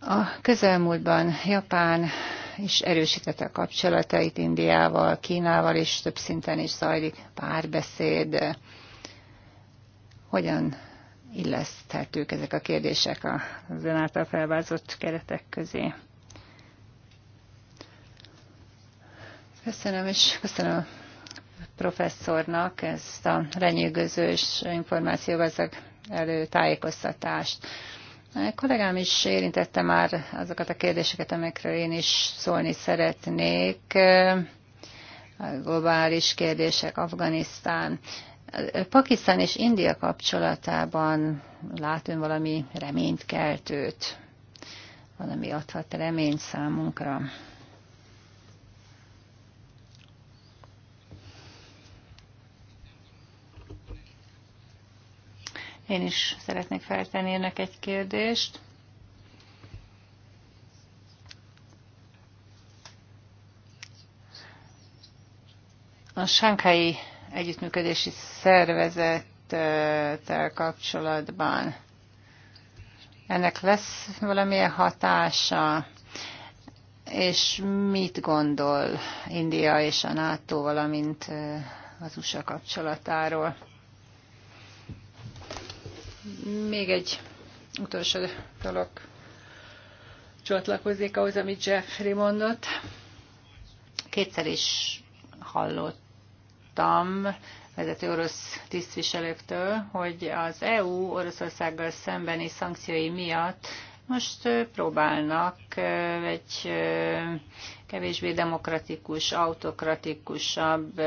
A közelmúltban Japán is erősítette a kapcsolatait Indiával, Kínával, és több szinten is zajlik párbeszéd. Hogyan illeszthetők ezek a kérdések az ön által felvázott keretek közé? Köszönöm, és köszönöm professzornak ezt a lenyűgöző és információgazdag előtájékoztatást. A kollégám is érintette már azokat a kérdéseket, amikről én is szólni szeretnék. A globális kérdések, Afganisztán. Pakisztán és India kapcsolatában látunk valami reményt keltőt, valami adhat reményt számunkra. Én is szeretnék feltenni önnek egy kérdést. A Sánkhái Együttműködési Szervezettel kapcsolatban ennek lesz valamilyen hatása, és mit gondol India és a NATO, valamint eh, az USA kapcsolatáról? Még egy utolsó dolog csatlakozik ahhoz, amit Jeffrey mondott. Kétszer is hallottam vezető orosz tisztviselőktől, hogy az EU Oroszországgal szembeni szankciói miatt most próbálnak egy kevésbé demokratikus, autokratikusabb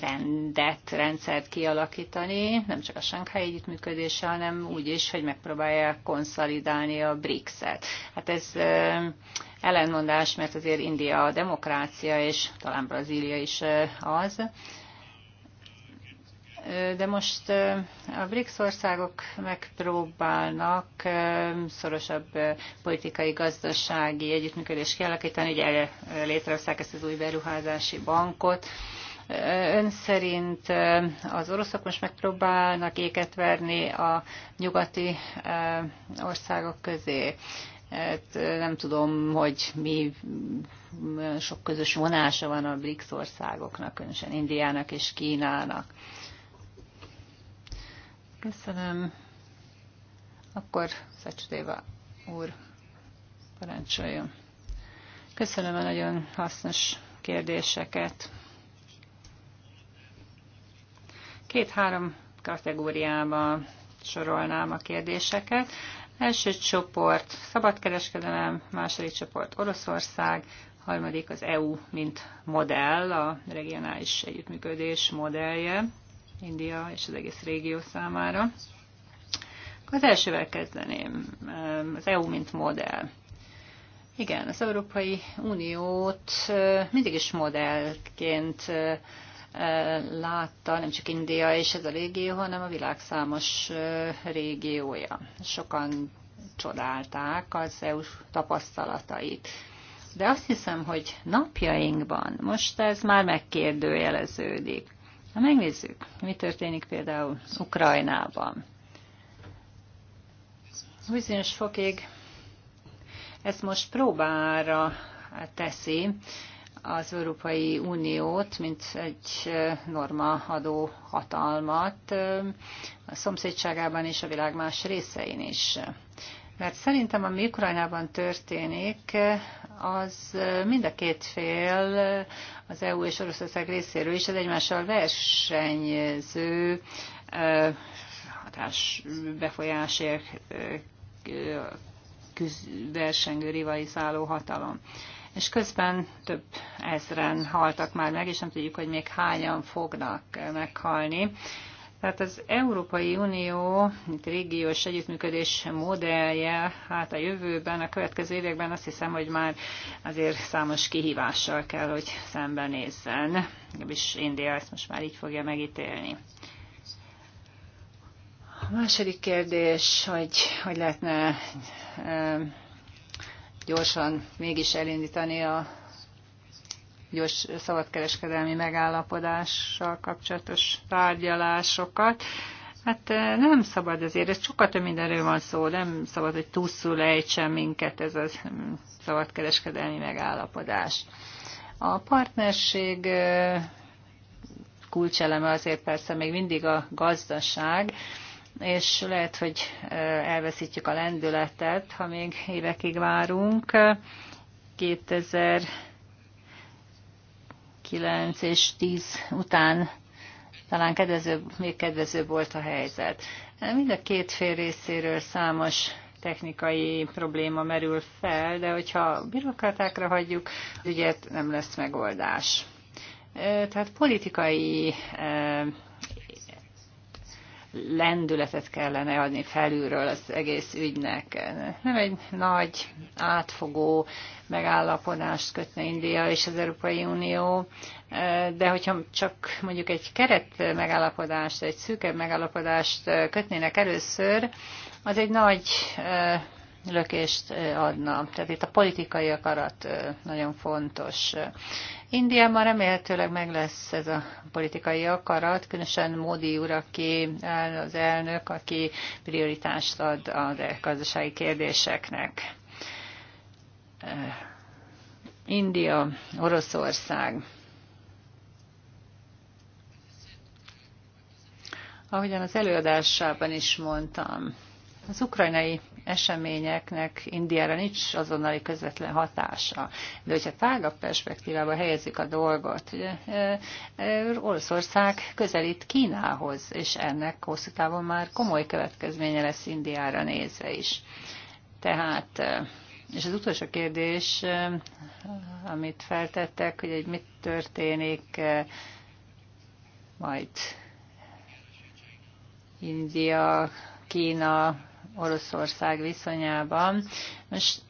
rendet, rendszert kialakítani, nem csak a Shanghai együttműködése, hanem úgy is, hogy megpróbálja konszolidálni a BRICS-et. Hát ez ellenmondás, mert azért India a demokrácia, és talán Brazília is az. De most a BRICS országok megpróbálnak szorosabb politikai, gazdasági együttműködést kialakítani, ugye létrehozták ezt az új beruházási bankot, Ön szerint az oroszok most megpróbálnak éket verni a nyugati országok közé. Hát nem tudom, hogy mi sok közös vonása van a BRICS országoknak, különösen Indiának és Kínának. Köszönöm. Akkor Szecsutéva úr, parancsoljon. Köszönöm a nagyon hasznos kérdéseket. Két-három kategóriába sorolnám a kérdéseket. Első csoport szabadkereskedelem, második csoport Oroszország, harmadik az EU, mint modell, a regionális együttműködés modellje India és az egész régió számára. Az elsővel kezdeném, az EU, mint modell. Igen, az Európai Uniót mindig is modellként látta nem csak India és ez a régió, hanem a világ számos régiója. Sokan csodálták az EU tapasztalatait. De azt hiszem, hogy napjainkban most ez már megkérdőjeleződik. Ha megnézzük, mi történik például Ukrajnában. Bizonyos fokig ezt most próbára teszi az Európai Uniót, mint egy norma adó hatalmat a szomszédságában és a világ más részein is. Mert szerintem, ami Ukrajnában történik, az mind a két fél, az EU és Oroszország részéről is, az egymással versenyző hatás befolyásért versengő, rivalizáló hatalom és közben több ezren haltak már meg, és nem tudjuk, hogy még hányan fognak meghalni. Tehát az Európai Unió itt régiós együttműködés modellje, hát a jövőben, a következő években azt hiszem, hogy már azért számos kihívással kell, hogy szembenézzen. És India ezt most már így fogja megítélni. A második kérdés, hogy hogy lehetne gyorsan mégis elindítani a gyors szabadkereskedelmi megállapodással kapcsolatos tárgyalásokat. Hát eh, nem szabad ezért, ez sokkal több mindenről van szó, nem szabad, hogy túszul ejtsen minket ez a szabadkereskedelmi megállapodás. A partnerség eh, kulcseleme azért persze még mindig a gazdaság, és lehet, hogy elveszítjük a lendületet, ha még évekig várunk. 2009 és 10 után talán kedvezőbb, még kedvezőbb volt a helyzet. Mind a két fél részéről számos technikai probléma merül fel, de hogyha bürokratákra hagyjuk, ügyet nem lesz megoldás. Tehát politikai lendületet kellene adni felülről az egész ügynek. Nem egy nagy, átfogó megállapodást kötne India és az Európai Unió, de hogyha csak mondjuk egy keret megállapodást, egy szűkebb megállapodást kötnének először, az egy nagy lökést adna. Tehát itt a politikai akarat nagyon fontos. Indiában remélhetőleg meg lesz ez a politikai akarat, különösen Modi úr, aki az elnök, aki prioritást ad a gazdasági kérdéseknek. Eh, India, Oroszország. Ahogyan az előadásában is mondtam, az ukrajnai eseményeknek Indiára nincs azonnali közvetlen hatása. De hogyha tágabb perspektívába helyezik a dolgot, ugye, e, e, Oroszország közelít Kínához, és ennek hosszú távon már komoly következménye lesz Indiára nézve is. Tehát e, és az utolsó kérdés, amit feltettek, hogy egy mit történik majd India, Kína Oroszország viszonyában. Most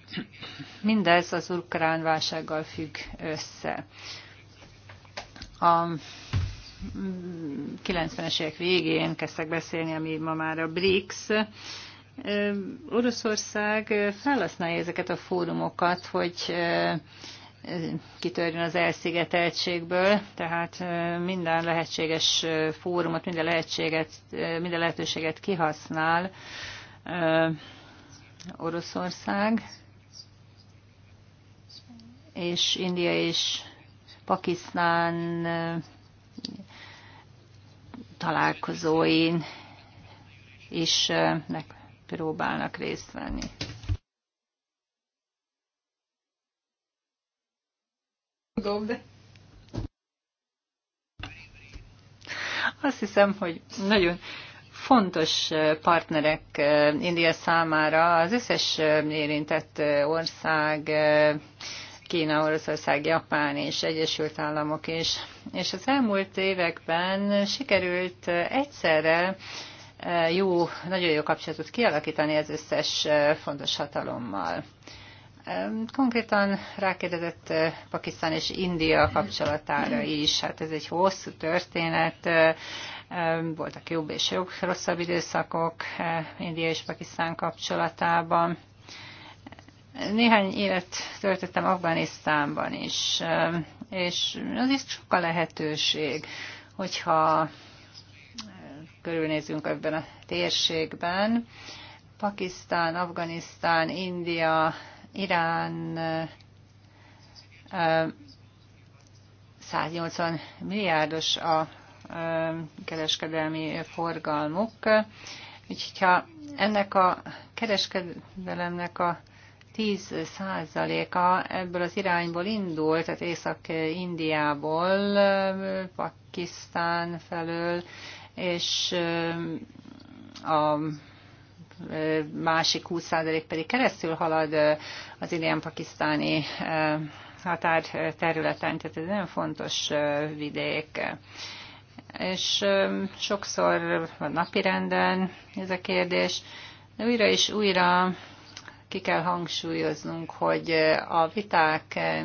mindez az ukrán válsággal függ össze. A 90-es évek végén kezdtek beszélni, ami ma már a BRICS, Oroszország felhasználja ezeket a fórumokat, hogy kitörjön az elszigeteltségből, tehát minden lehetséges fórumot, minden, lehetséget, minden lehetőséget kihasznál Oroszország, és India és Pakisztán találkozóin is megpróbálnak részt venni. Azt hiszem, hogy nagyon fontos partnerek India számára, az összes érintett ország, Kína, Oroszország, Japán és Egyesült Államok is. És az elmúlt években sikerült egyszerre jó, nagyon jó kapcsolatot kialakítani az összes fontos hatalommal. Konkrétan rákérdezett Pakisztán és India kapcsolatára is. Hát ez egy hosszú történet, voltak jobb és jobb, rosszabb időszakok e, India és Pakisztán kapcsolatában. Néhány évet töltöttem Afganisztánban is, és az is sok a lehetőség, hogyha e, körülnézünk ebben a térségben. Pakisztán, Afganisztán, India, Irán 180 e, milliárdos a kereskedelmi forgalmuk. Úgyhogy ha ennek a kereskedelemnek a 10%-a ebből az irányból indul, tehát Észak-Indiából, Pakisztán felől, és a másik 20% pedig keresztül halad az ilyen pakisztáni határterületen, tehát ez nagyon fontos vidék és sokszor van napirenden ez a kérdés, de újra és újra ki kell hangsúlyoznunk, hogy a viták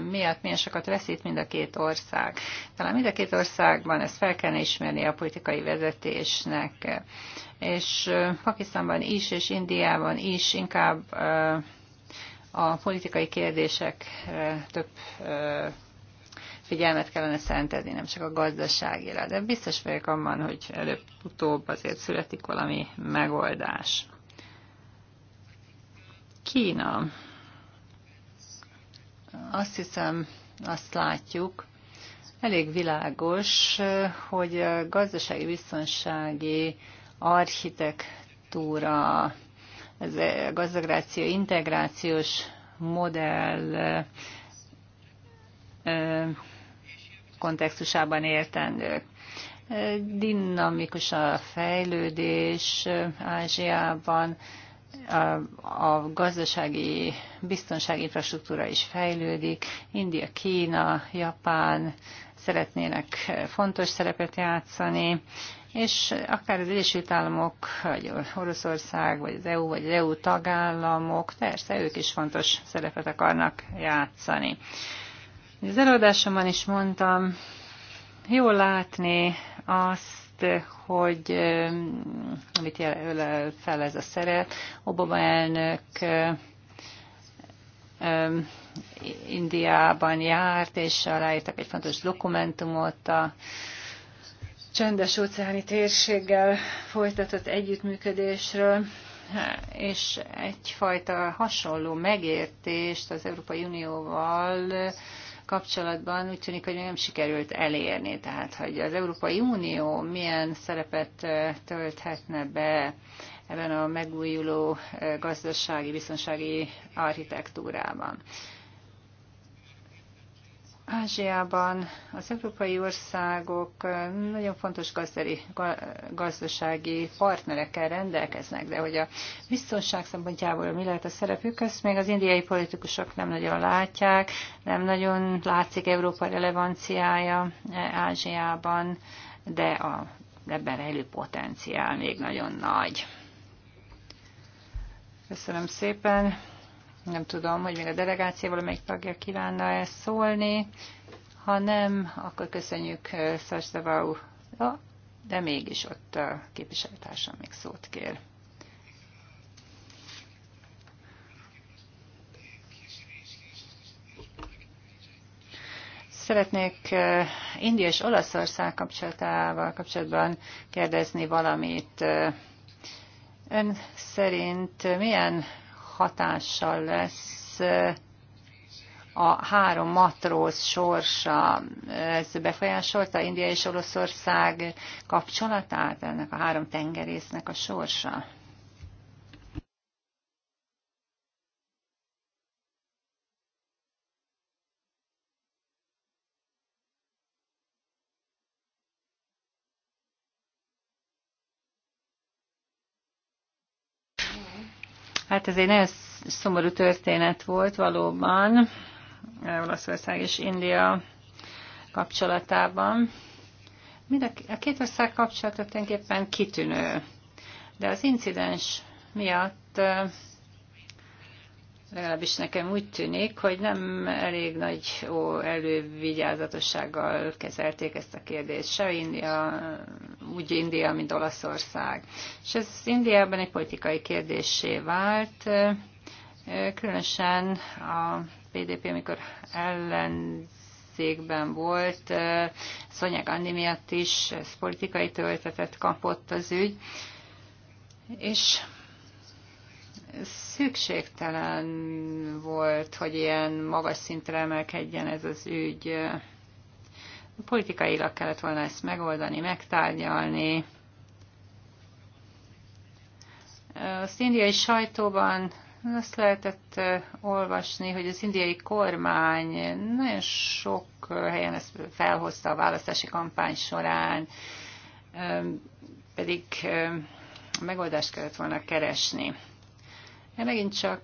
miatt milyen sokat veszít mind a két ország. Talán mind a két országban ezt fel kell ismerni a politikai vezetésnek. És Pakisztánban is, és Indiában is inkább a politikai kérdések több figyelmet kellene szentelni, nem csak a gazdaságére, de biztos vagyok abban, hogy előbb-utóbb azért születik valami megoldás. Kína. Azt hiszem, azt látjuk, elég világos, hogy a gazdasági biztonsági architektúra, ez a gazdagráció integrációs modell kontextusában értendők. Dinamikus a fejlődés Ázsiában, a gazdasági biztonsági infrastruktúra is fejlődik, India, Kína, Japán szeretnének fontos szerepet játszani, és akár az Egyesült Államok, vagy Oroszország, vagy az EU, vagy az EU tagállamok, persze ők is fontos szerepet akarnak játszani. Az előadásomban is mondtam, jó látni azt, hogy eh, amit jelöl fel ez a szeret, Obama elnök eh, Indiában járt, és aláírtak egy fontos dokumentumot a csendes óceáni térséggel folytatott együttműködésről, és egyfajta hasonló megértést az Európai Unióval kapcsolatban úgy tűnik, hogy nem sikerült elérni. Tehát, hogy az Európai Unió milyen szerepet tölthetne be ebben a megújuló gazdasági, biztonsági architektúrában. Ázsiában az európai országok nagyon fontos gazdari, gazdasági partnerekkel rendelkeznek, de hogy a biztonság szempontjából mi lehet a szerepük, ezt még az indiai politikusok nem nagyon látják, nem nagyon látszik Európa relevanciája e, Ázsiában, de a ebben rejlő potenciál még nagyon nagy. Köszönöm szépen. Nem tudom, hogy még a delegáció valamelyik tagja kívánna ezt szólni. Ha nem, akkor köszönjük eh, Szarszavau. Ja, de mégis ott a képviselőtársam még szót kér. Szeretnék eh, India és Olaszország kapcsolatával kapcsolatban kérdezni valamit. Eh, ön szerint milyen hatással lesz a három matróz sorsa, ez befolyásolta India és Oroszország kapcsolatát, ennek a három tengerésznek a sorsa? Hát ez egy nagyon szomorú történet volt valóban, Olaszország és India kapcsolatában. Mind a, két ország kapcsolata tulajdonképpen kitűnő, de az incidens miatt legalábbis nekem úgy tűnik, hogy nem elég nagy ó, elővigyázatossággal kezelték ezt a kérdést. Se India, úgy India, mint Olaszország. És ez Indiában egy politikai kérdésé vált, különösen a PDP, amikor ellen volt, Szonyák Andi miatt is ez politikai töltetet kapott az ügy, és szükségtelen volt, hogy ilyen magas szintre emelkedjen ez az ügy. Politikailag kellett volna ezt megoldani, megtárgyalni. Az indiai sajtóban azt lehetett olvasni, hogy az indiai kormány nagyon sok helyen ezt felhozta a választási kampány során, pedig megoldást kellett volna keresni. Hát megint csak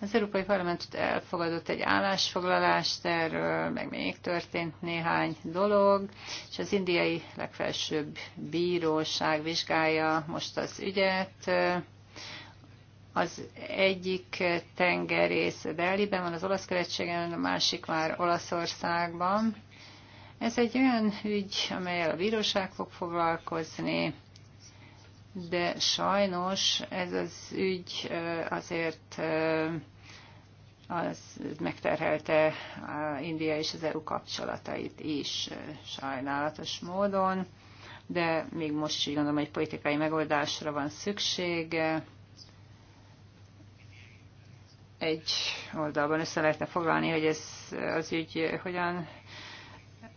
az Európai Parlament elfogadott egy állásfoglalást erről, meg még történt néhány dolog, és az indiai legfelsőbb bíróság vizsgálja most az ügyet. Az egyik tengerész Delhi-ben van, az olasz követségen, a másik már Olaszországban. Ez egy olyan ügy, amelyel a bíróság fog foglalkozni, de sajnos ez az ügy azért az megterhelte India és az EU kapcsolatait is sajnálatos módon, de még most is úgy gondolom, hogy politikai megoldásra van szükség. Egy oldalban össze lehetne foglalni, hogy ez az ügy hogyan,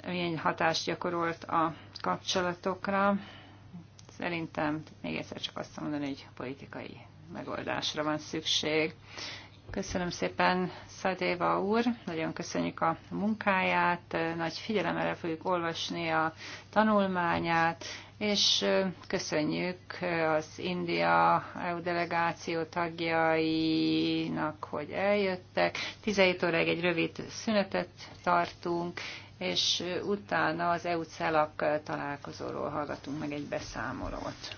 milyen hatást gyakorolt a kapcsolatokra. Szerintem még egyszer csak azt mondani, hogy politikai megoldásra van szükség. Köszönöm szépen Szadéva úr, nagyon köszönjük a munkáját, nagy figyelemre fogjuk olvasni a tanulmányát, és köszönjük az India EU delegáció tagjainak, hogy eljöttek. 17 óráig egy rövid szünetet tartunk, és utána az EU-CELAC e találkozóról hallgatunk meg egy beszámolót.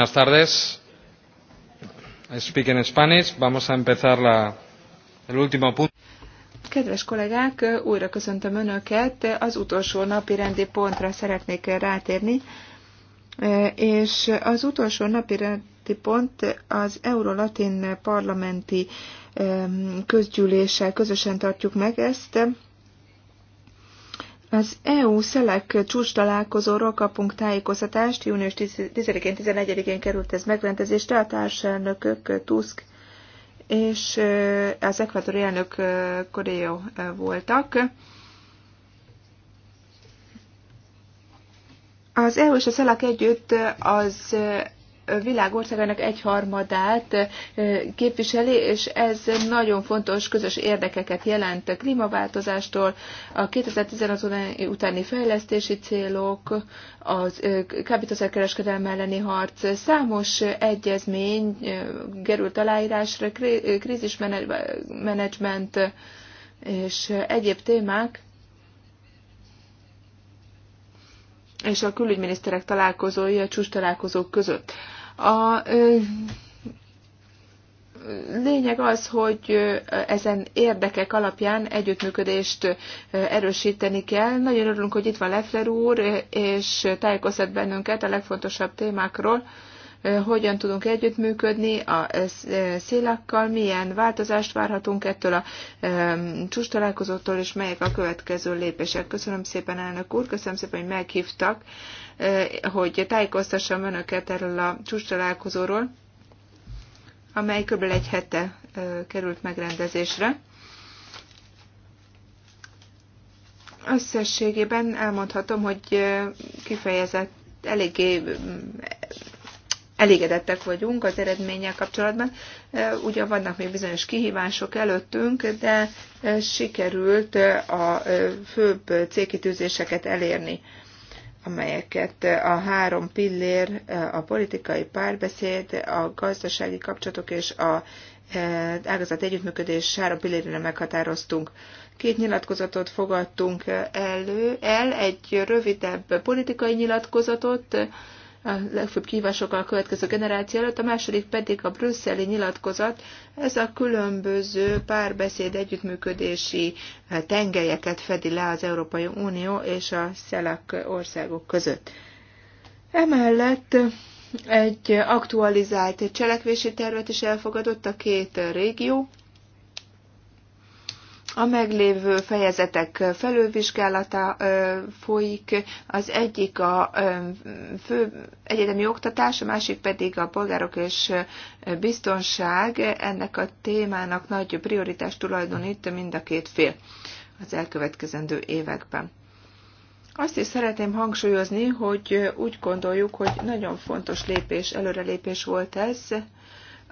buenas tardes. Speak in Spanish. Vamos a empezar la, el último punto. Kedves kollégák, újra köszöntöm Önöket. Az utolsó napi rendi pontra szeretnék rátérni. És az utolsó napi rendi pont az Euró-Latin parlamenti közgyűléssel közösen tartjuk meg ezt. Az EU szelek csúcs találkozóról kapunk tájékoztatást. Június 10-én, 11-én került ez megrendezésre. A társelnökök eh, Tusk és eh, az ekvatori elnök Koreó eh, voltak. Az EU és a szelek együtt az világországának egyharmadát képviseli, és ez nagyon fontos közös érdekeket jelent a klímaváltozástól, a 2016 utáni fejlesztési célok, a kábítószerkereskedelme elleni harc, számos egyezmény gerült aláírásra, krízismenedzsment és egyéb témák, és a külügyminiszterek találkozói a csúcs találkozók között. A lényeg az, hogy ezen érdekek alapján együttműködést erősíteni kell. Nagyon örülünk, hogy itt van Leffler úr, és tájékoztat bennünket a legfontosabb témákról hogyan tudunk együttműködni a szélakkal, milyen változást várhatunk ettől a csúcs találkozótól, és melyek a következő lépések. Köszönöm szépen, elnök úr, köszönöm szépen, hogy meghívtak, hogy tájékoztassam önöket erről a csúcs találkozóról, amely kb. egy hete került megrendezésre. Összességében elmondhatom, hogy kifejezett eléggé elégedettek vagyunk az eredménnyel kapcsolatban. E, Ugyan vannak még bizonyos kihívások előttünk, de e, sikerült e, a főbb célkitűzéseket elérni amelyeket a három pillér, a politikai párbeszéd, a gazdasági kapcsolatok és a ágazat együttműködés három pillérre meghatároztunk. Két nyilatkozatot fogadtunk elő, el, egy rövidebb politikai nyilatkozatot, a legfőbb kihívásokkal a következő generáció előtt, a második pedig a brüsszeli nyilatkozat, ez a különböző párbeszéd együttműködési eh, tengelyeket fedi le az Európai Unió és a szelak országok között. Emellett egy aktualizált cselekvési tervet is elfogadott a két régió, a meglévő fejezetek felülvizsgálata folyik, az egyik a fő egyetemi oktatás, a másik pedig a polgárok és biztonság. Ennek a témának nagy prioritást tulajdonít mind a két fél az elkövetkezendő években. Azt is szeretném hangsúlyozni, hogy úgy gondoljuk, hogy nagyon fontos lépés, előrelépés volt ez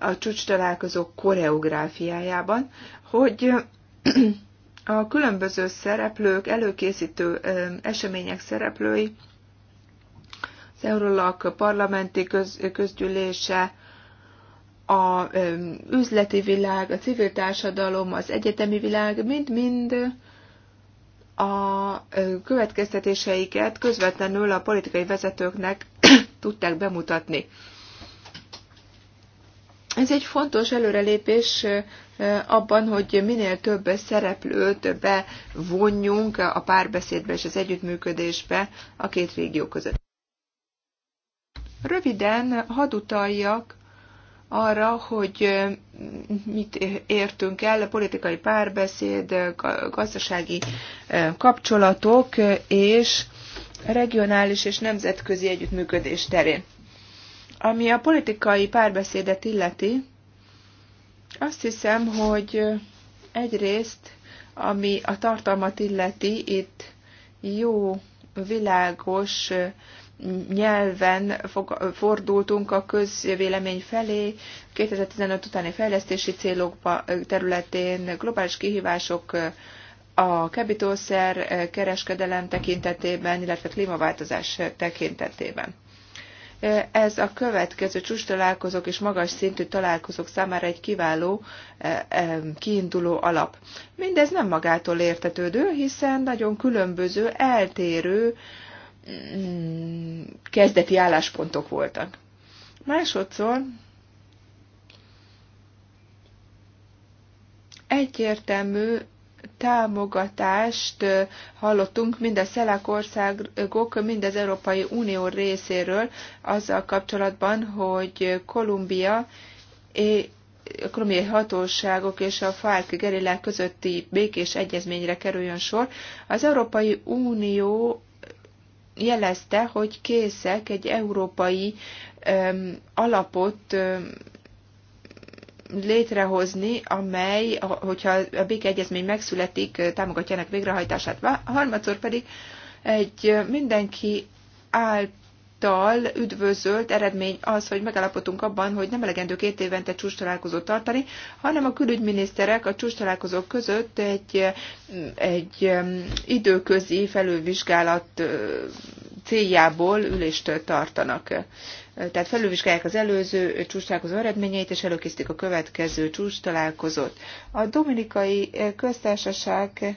a csúcs találkozó koreográfiájában, hogy a különböző szereplők, előkészítő események szereplői, az Eurolak parlamenti köz, közgyűlése, a üzleti világ, a civil társadalom, az egyetemi világ mind-mind a következtetéseiket közvetlenül a politikai vezetőknek tudták bemutatni. Ez egy fontos előrelépés abban, hogy minél több szereplőt bevonjunk a párbeszédbe és az együttműködésbe a két régió között. Röviden hadd utaljak arra, hogy mit értünk el, politikai párbeszéd, gazdasági kapcsolatok és regionális és nemzetközi együttműködés terén. Ami a politikai párbeszédet illeti, azt hiszem, hogy egyrészt, ami a tartalmat illeti, itt jó, világos nyelven fordultunk a közvélemény felé, 2015 utáni fejlesztési célok területén globális kihívások a kábítószer kereskedelem tekintetében, illetve klímaváltozás tekintetében. Ez a következő csúcs találkozók és magas szintű találkozók számára egy kiváló e, e, kiinduló alap. Mindez nem magától értetődő, hiszen nagyon különböző, eltérő mm, kezdeti álláspontok voltak. Másodszor egyértelmű támogatást hallottunk mind a szelák országok, mind az Európai Unió részéről azzal kapcsolatban, hogy Kolumbia a kolumbiai hatóságok és a FARC gerillák közötti békés egyezményre kerüljön sor. Az Európai Unió jelezte, hogy készek egy európai öm, alapot öm, létrehozni, amely, hogyha a békeegyezmény megszületik, támogatjának végrehajtását. Harmadszor pedig egy mindenki által üdvözölt eredmény az, hogy megállapodtunk abban, hogy nem elegendő két évente csúcs találkozót tartani, hanem a külügyminiszterek a csúcs találkozók között egy, egy um, időközi felülvizsgálat uh, céljából ülést tartanak tehát felülvizsgálják az előző csúcstalálkozó eredményeit, és előkészítik a következő csúcstalálkozót. A Dominikai Köztársaság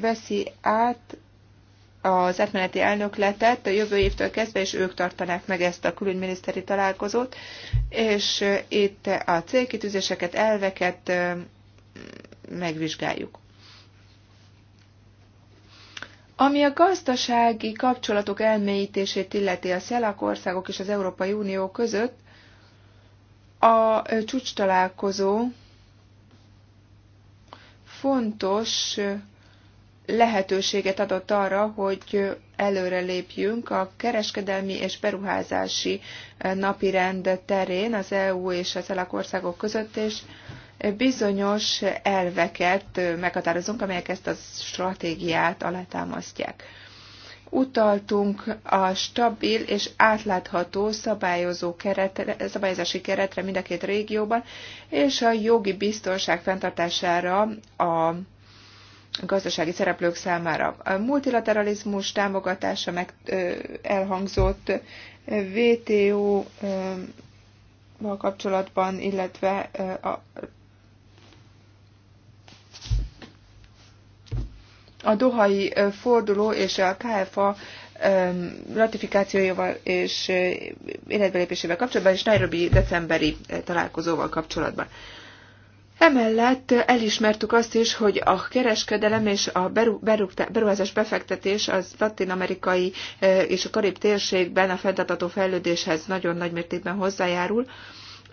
veszi át az átmeneti elnökletet a jövő évtől kezdve, és ők tartanák meg ezt a külügyminiszteri találkozót, és itt a célkitűzéseket, elveket megvizsgáljuk. Ami a gazdasági kapcsolatok elmélyítését illeti a szelak országok és az Európai Unió között, a csúcs találkozó fontos lehetőséget adott arra, hogy előrelépjünk a kereskedelmi és beruházási napirend terén az EU és az ELAK országok között, és bizonyos elveket meghatározunk, amelyek ezt a stratégiát alátámasztják. Utaltunk a stabil és átlátható szabályozó keretre, szabályozási keretre mind a két régióban, és a jogi biztonság fenntartására a gazdasági szereplők számára. A multilateralizmus támogatása meg elhangzott WTO-val kapcsolatban, illetve a a Dohai forduló és a KFA ratifikációjával és életbelépésével kapcsolatban, és Nairobi decemberi találkozóval kapcsolatban. Emellett elismertük azt is, hogy a kereskedelem és a beruházás befektetés az latin-amerikai és a karib térségben a fenntartató fejlődéshez nagyon nagy mértékben hozzájárul,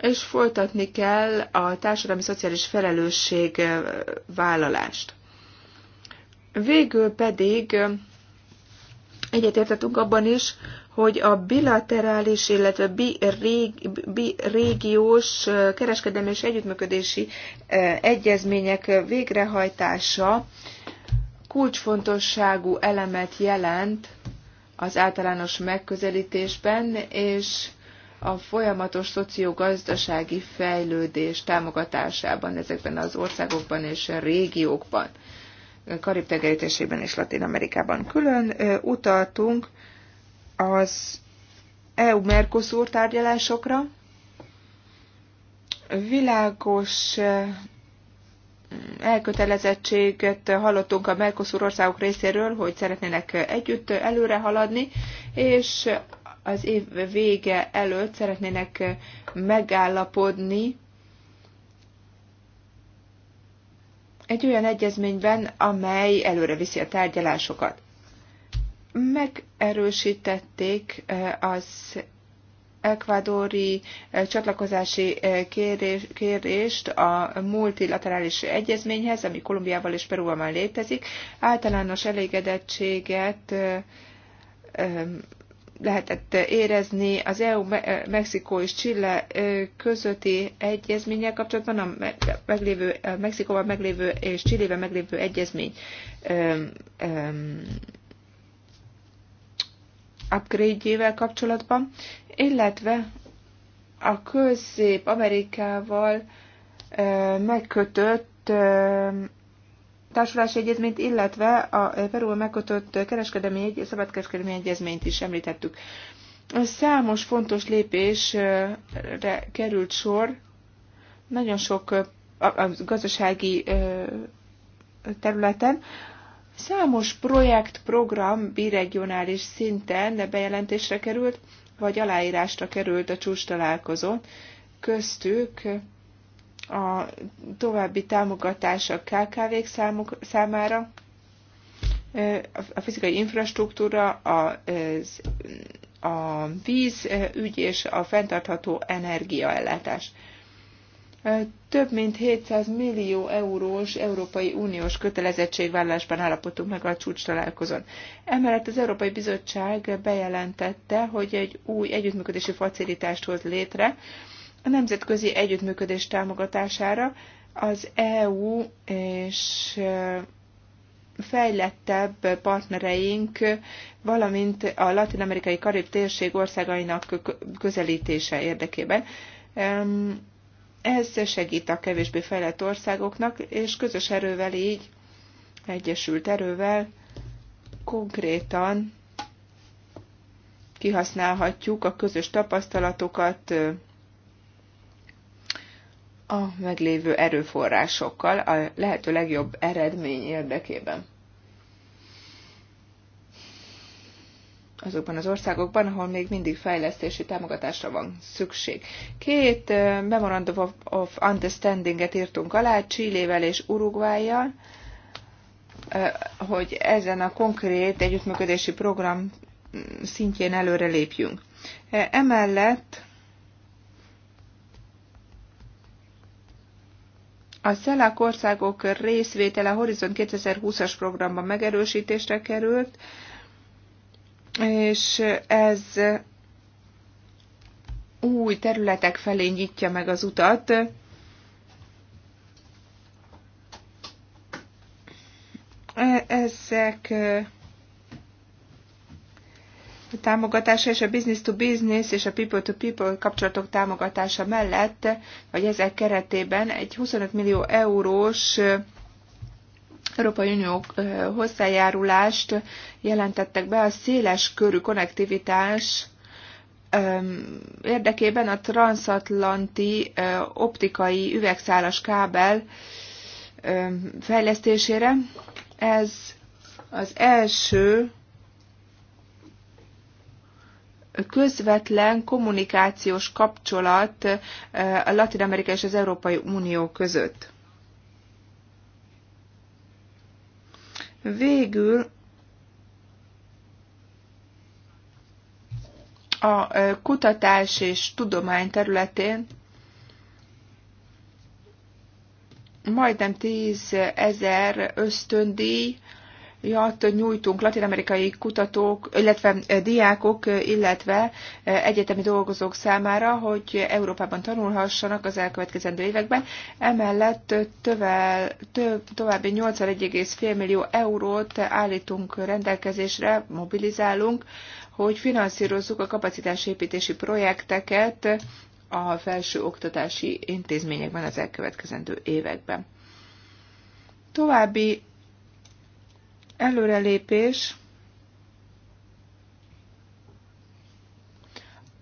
és folytatni kell a társadalmi szociális felelősség vállalást. Végül pedig egyetértettünk abban is, hogy a bilaterális, illetve régiós kereskedelmi és együttműködési egyezmények végrehajtása kulcsfontosságú elemet jelent az általános megközelítésben, és a folyamatos szociogazdasági fejlődés támogatásában ezekben az országokban és régiókban. Karib tengerítésében és Latin Amerikában. Külön utaltunk az EU-Mercosur tárgyalásokra. Világos elkötelezettséget hallottunk a Mercosur országok részéről, hogy szeretnének együtt előre haladni, és az év vége előtt szeretnének megállapodni egy olyan egyezményben, amely előre viszi a tárgyalásokat. Megerősítették eh, az ekvádori eh, csatlakozási eh, kérést a multilaterális egyezményhez, ami Kolumbiával és Perúval már létezik, általános elégedettséget lehetett érezni az EU, Mexikó és Chile közötti egyezménnyel kapcsolatban, a meglévő, Mexikóval meglévő és Chilevel meglévő egyezmény upgrade-jével kapcsolatban, illetve a közép-amerikával megkötött társulási egyezményt, illetve a Peru megkötött kereskedelmi egy, szabadkereskedelmi egyezményt is említettük. Számos fontos lépésre került sor, nagyon sok a gazdasági területen, Számos projekt, program biregionális szinten de bejelentésre került, vagy aláírásra került a csúcs találkozó. köztük a további támogatás a KKV-k számuk, számára, a fizikai infrastruktúra, a, a vízügy és a fenntartható energiaellátás. Több mint 700 millió eurós Európai Uniós kötelezettségvállalásban állapodtunk meg a csúcs találkozón. Emellett az Európai Bizottság bejelentette, hogy egy új együttműködési facilitást hoz létre, a nemzetközi együttműködés támogatására az EU és fejlettebb partnereink, valamint a latin-amerikai karib térség országainak közelítése érdekében. Ez segít a kevésbé fejlett országoknak, és közös erővel így, egyesült erővel konkrétan kihasználhatjuk a közös tapasztalatokat, a meglévő erőforrásokkal a lehető legjobb eredmény érdekében. azokban az országokban, ahol még mindig fejlesztési támogatásra van szükség. Két Memorandum of, Understanding-et írtunk alá Csillével és Uruguayjal, hogy ezen a konkrét együttműködési program mm, szintjén előre lépjünk. Emellett A CELAC országok részvétele Horizon 2020-as programban megerősítésre került, és ez új területek felé nyitja meg az utat. E- ezek támogatása és a business to business és a people to people kapcsolatok támogatása mellett, vagy ezek keretében egy 25 millió eurós Európai Unió hozzájárulást jelentettek be a széles körű konnektivitás érdekében a transatlanti optikai üvegszálas kábel fejlesztésére. Ez az első közvetlen kommunikációs kapcsolat eh, a Latin Amerika és az Európai Unió között. Végül a eh, kutatás és tudomány területén majdnem 10 ezer ösztöndíj jat nyújtunk latinamerikai kutatók, illetve eh, diákok, eh, illetve eh, egyetemi dolgozók számára, hogy Európában tanulhassanak az elkövetkezendő években. Emellett tövel, több, további 81,5 millió eurót állítunk rendelkezésre, mobilizálunk, hogy finanszírozzuk a kapacitásépítési projekteket a felső oktatási intézményekben az elkövetkezendő években. További előrelépés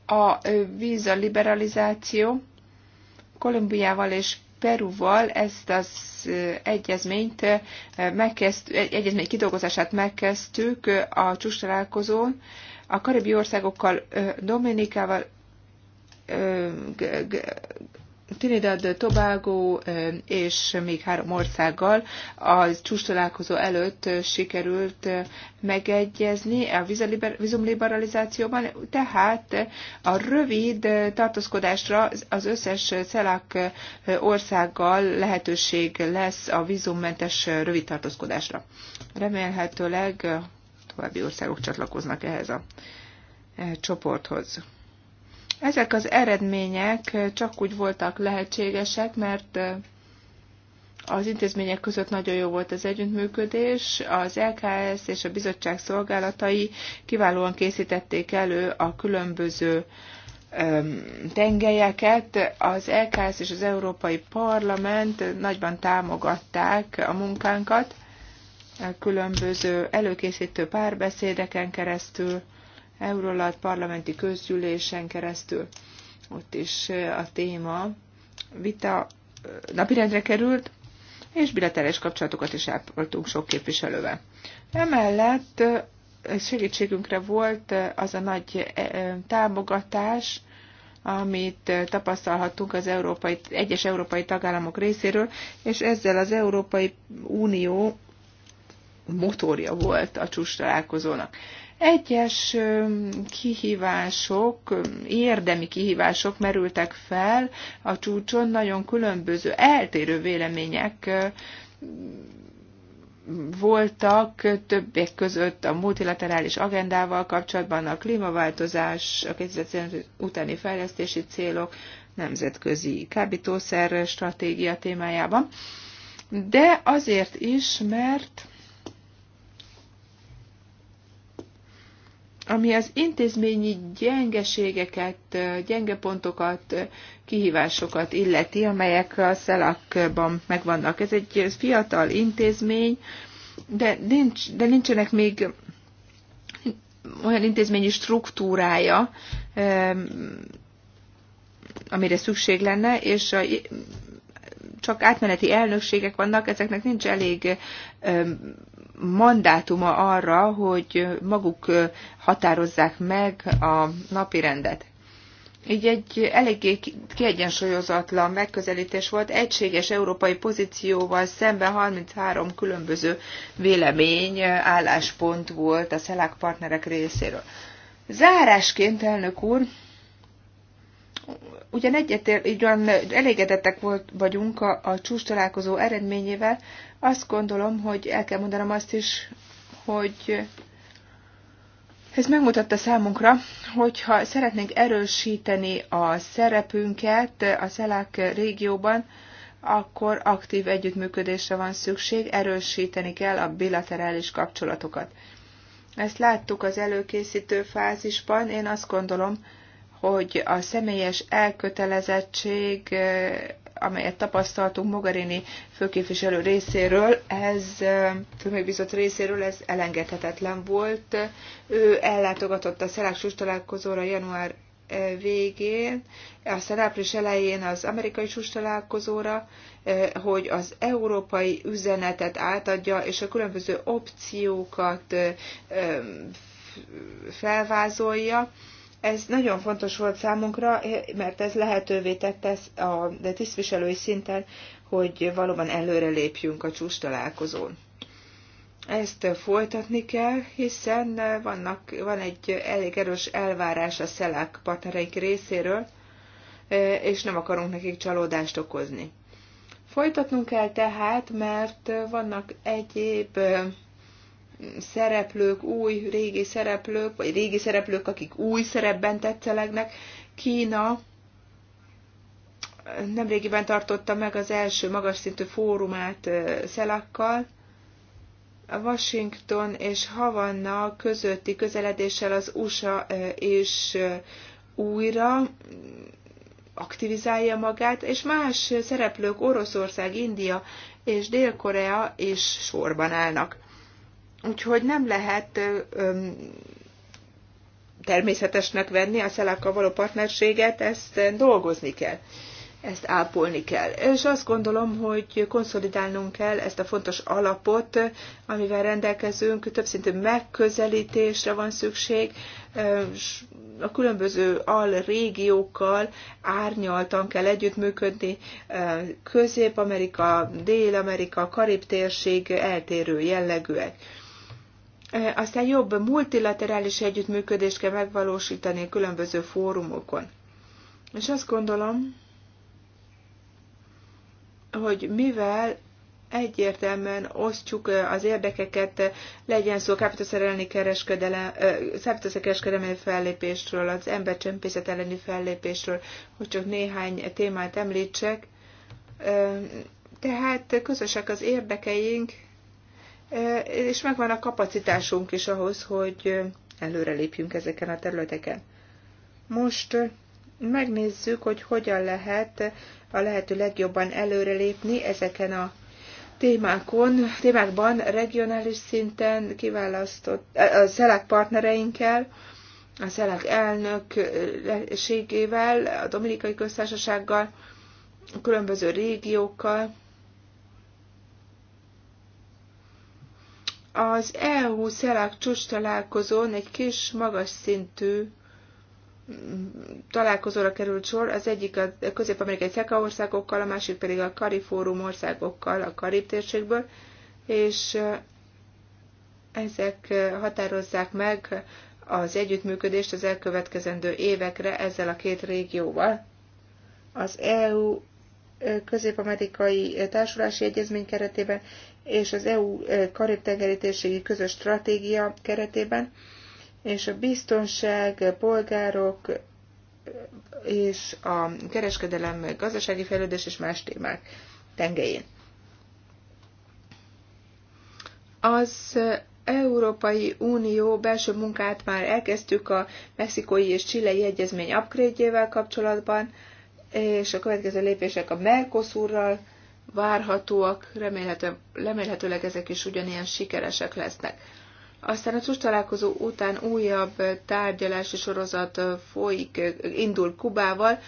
a víza liberalizáció Kolumbiával és Peruval ezt az egyezményt megkezd, egyezmény kidolgozását megkezdtük a csúcstalálkozón. A karibi országokkal, Dominikával, Trinidad, Tobago és még három országgal a csúcstalálkozó előtt sikerült megegyezni a vízumliberalizációban, tehát a rövid tartózkodásra az összes CELAC országgal lehetőség lesz a vízummentes rövid tartózkodásra. Remélhetőleg további országok csatlakoznak ehhez a csoporthoz. Ezek az eredmények csak úgy voltak lehetségesek, mert az intézmények között nagyon jó volt az együttműködés, az LKS és a bizottság szolgálatai kiválóan készítették elő a különböző tengelyeket. Az LKS és az Európai Parlament nagyban támogatták a munkánkat, különböző előkészítő párbeszédeken keresztül, Eurolat parlamenti közgyűlésen keresztül. Ott is a téma vita napirendre került, és bilaterális kapcsolatokat is ápoltunk sok képviselővel. Emellett segítségünkre volt az a nagy támogatás, amit tapasztalhattunk az európai, egyes európai tagállamok részéről, és ezzel az Európai Unió motorja volt a csúcs találkozónak. Egyes kihívások, érdemi kihívások merültek fel a csúcson, nagyon különböző, eltérő vélemények voltak többek között a multilaterális agendával kapcsolatban a klímaváltozás, a 2015 utáni fejlesztési célok, nemzetközi kábítószer stratégia témájában, de azért is, mert ami az intézményi gyengeségeket, gyenge pontokat, kihívásokat illeti, amelyek a szelakban megvannak. Ez egy fiatal intézmény, de, nincs, de nincsenek még olyan intézményi struktúrája, amire szükség lenne, és a, csak átmeneti elnökségek vannak, ezeknek nincs elég mandátuma arra, hogy maguk határozzák meg a napirendet. Így egy eléggé kiegyensúlyozatlan megközelítés volt, egységes európai pozícióval szemben 33 különböző vélemény, álláspont volt a szelák partnerek részéről. Zárásként, elnök úr, ugyan egyetért, így van, elégedettek volt, vagyunk a, a csúcs találkozó eredményével, azt gondolom, hogy el kell mondanom azt is, hogy ez megmutatta számunkra, hogyha szeretnénk erősíteni a szerepünket a szelák régióban, akkor aktív együttműködésre van szükség, erősíteni kell a bilaterális kapcsolatokat. Ezt láttuk az előkészítő fázisban, én azt gondolom, hogy a személyes elkötelezettség, eh, amelyet tapasztaltunk Mogarini főképviselő részéről, ez eh, főmegbízott részéről, ez elengedhetetlen volt. Ő ellátogatott a szelák találkozóra január eh, végén, aztán április elején az amerikai sus találkozóra, hogy az európai üzenetet átadja, és a különböző opciókat felvázolja ez nagyon fontos volt számunkra, eh, mert ez lehetővé tette a tisztviselői szinten, hogy valóban előre lépjünk a csúcs találkozón. Ezt folytatni kell, hiszen vannak, van egy elég erős elvárás a szelák partnereik részéről, eh, és nem akarunk nekik csalódást okozni. Folytatnunk kell tehát, mert vannak egyéb eh, szereplők, új, régi szereplők, vagy régi szereplők, akik új szerepben tetszelegnek. Kína nemrégiben tartotta meg az első magas szintű fórumát Szelakkal, a Washington és Havanna közötti közeledéssel az USA és újra aktivizálja magát, és más szereplők Oroszország, India és Dél-Korea is sorban állnak. Úgyhogy nem lehet természetesnek venni a szelákkal való partnerséget, ezt dolgozni kell, ezt ápolni kell. És azt gondolom, hogy konszolidálnunk kell ezt a fontos alapot, amivel rendelkezünk, többszintű megközelítésre van szükség, a különböző alrégiókkal árnyaltan kell együttműködni, Közép-Amerika, Dél-Amerika, Karib térség eltérő jellegűek aztán jobb multilaterális együttműködést kell megvalósítani a különböző fórumokon. És azt gondolom, hogy mivel egyértelműen osztjuk eh, az érdekeket, legyen szó kábítószerelni eh, kereskedelmi fellépésről, az embercsempészet elleni fellépésről, hogy csak néhány témát említsek. Eh, tehát közösek az érdekeink, és megvan a kapacitásunk is ahhoz, hogy előrelépjünk ezeken a területeken. Most megnézzük, hogy hogyan lehet a lehető legjobban előrelépni ezeken a témákon, témákban, regionális szinten kiválasztott, a szelák partnereinkkel, a szelák elnökségével, a Dominikai Köztársasággal, a különböző régiókkal, Az EU szelák csúcs találkozón egy kis, magas szintű mm, találkozóra került sor, az egyik a közép-amerikai CECA országokkal, a másik pedig a Karifórum Fórum országokkal a Karib térségből, és ezek határozzák meg az együttműködést az elkövetkezendő évekre ezzel a két régióval. Az EU közép-amerikai társulási egyezmény keretében és az EU e, karib-tengeri térségi közös stratégia keretében, és a biztonság, polgárok e, és a kereskedelem, gazdasági fejlődés és más témák tengelyén. Az Európai Unió belső munkát már elkezdtük a mexikói és csilei egyezmény upgrade kapcsolatban, és a következő lépések a Mercosurral várhatóak, remélhető, remélhetőleg ezek is ugyanilyen sikeresek lesznek. Aztán a csúcs találkozó után újabb tárgyalási sorozat folyik, indul Kubával,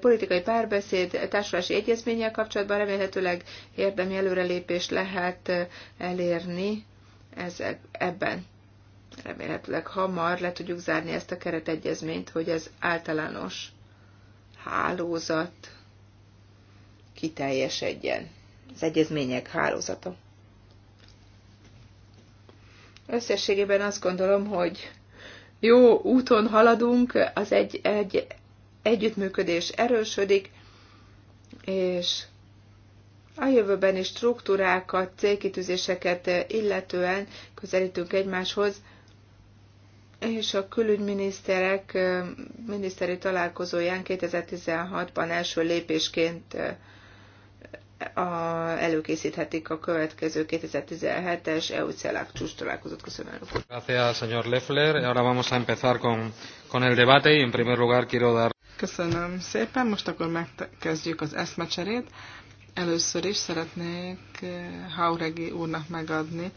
politikai párbeszéd, társulási egyezménnyel kapcsolatban remélhetőleg érdemi előrelépést lehet elérni ezek, ebben. Remélhetőleg hamar le tudjuk zárni ezt a keretegyezményt, hogy ez általános hálózat kiteljesedjen, az egyezmények hálózata. Összességében azt gondolom, hogy jó úton haladunk, az egy, egy együttműködés erősödik, és a jövőben is struktúrákat, célkitűzéseket illetően közelítünk egymáshoz, és a külügyminiszterek miniszteri találkozóján 2016-ban első lépésként a, előkészíthetik a következő 2017-es EU-CELAC csúcs találkozót. Köszönöm, elnök úr. Gracias, señor Leffler. Ahora vamos a empezar con, con el debate y en primer lugar quiero dar... Köszönöm szépen, most akkor megkezdjük az eszmecserét. Először is szeretnék Hauregi úrnak megadni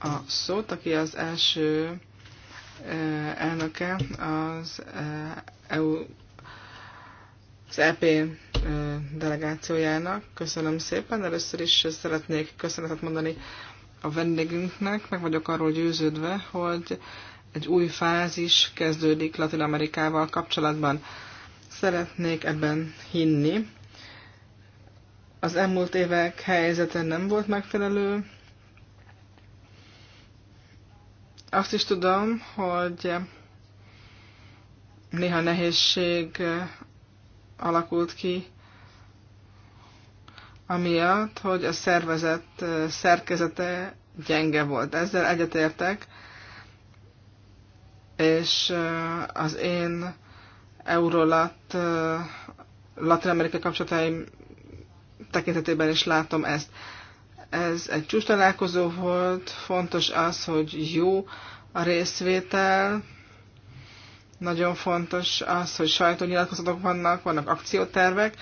a szót, aki az első Eh, elnöke az eh, EU az EP eh, delegációjának. Köszönöm szépen. Először is szeretnék köszönetet mondani a vendégünknek. Meg vagyok arról győződve, hogy egy új fázis kezdődik Latin Amerikával kapcsolatban. Szeretnék ebben hinni. Az elmúlt évek helyzete nem volt megfelelő, Azt is tudom, hogy néha nehézség alakult ki amiatt, hogy a szervezet szerkezete gyenge volt. Ezzel egyetértek, és az én Eurolat Latin Amerika kapcsolataim tekintetében is látom ezt. Ez egy csúcs találkozó volt, fontos az, hogy jó a részvétel, nagyon fontos az, hogy sajtónyilatkozatok vannak, vannak akciótervek.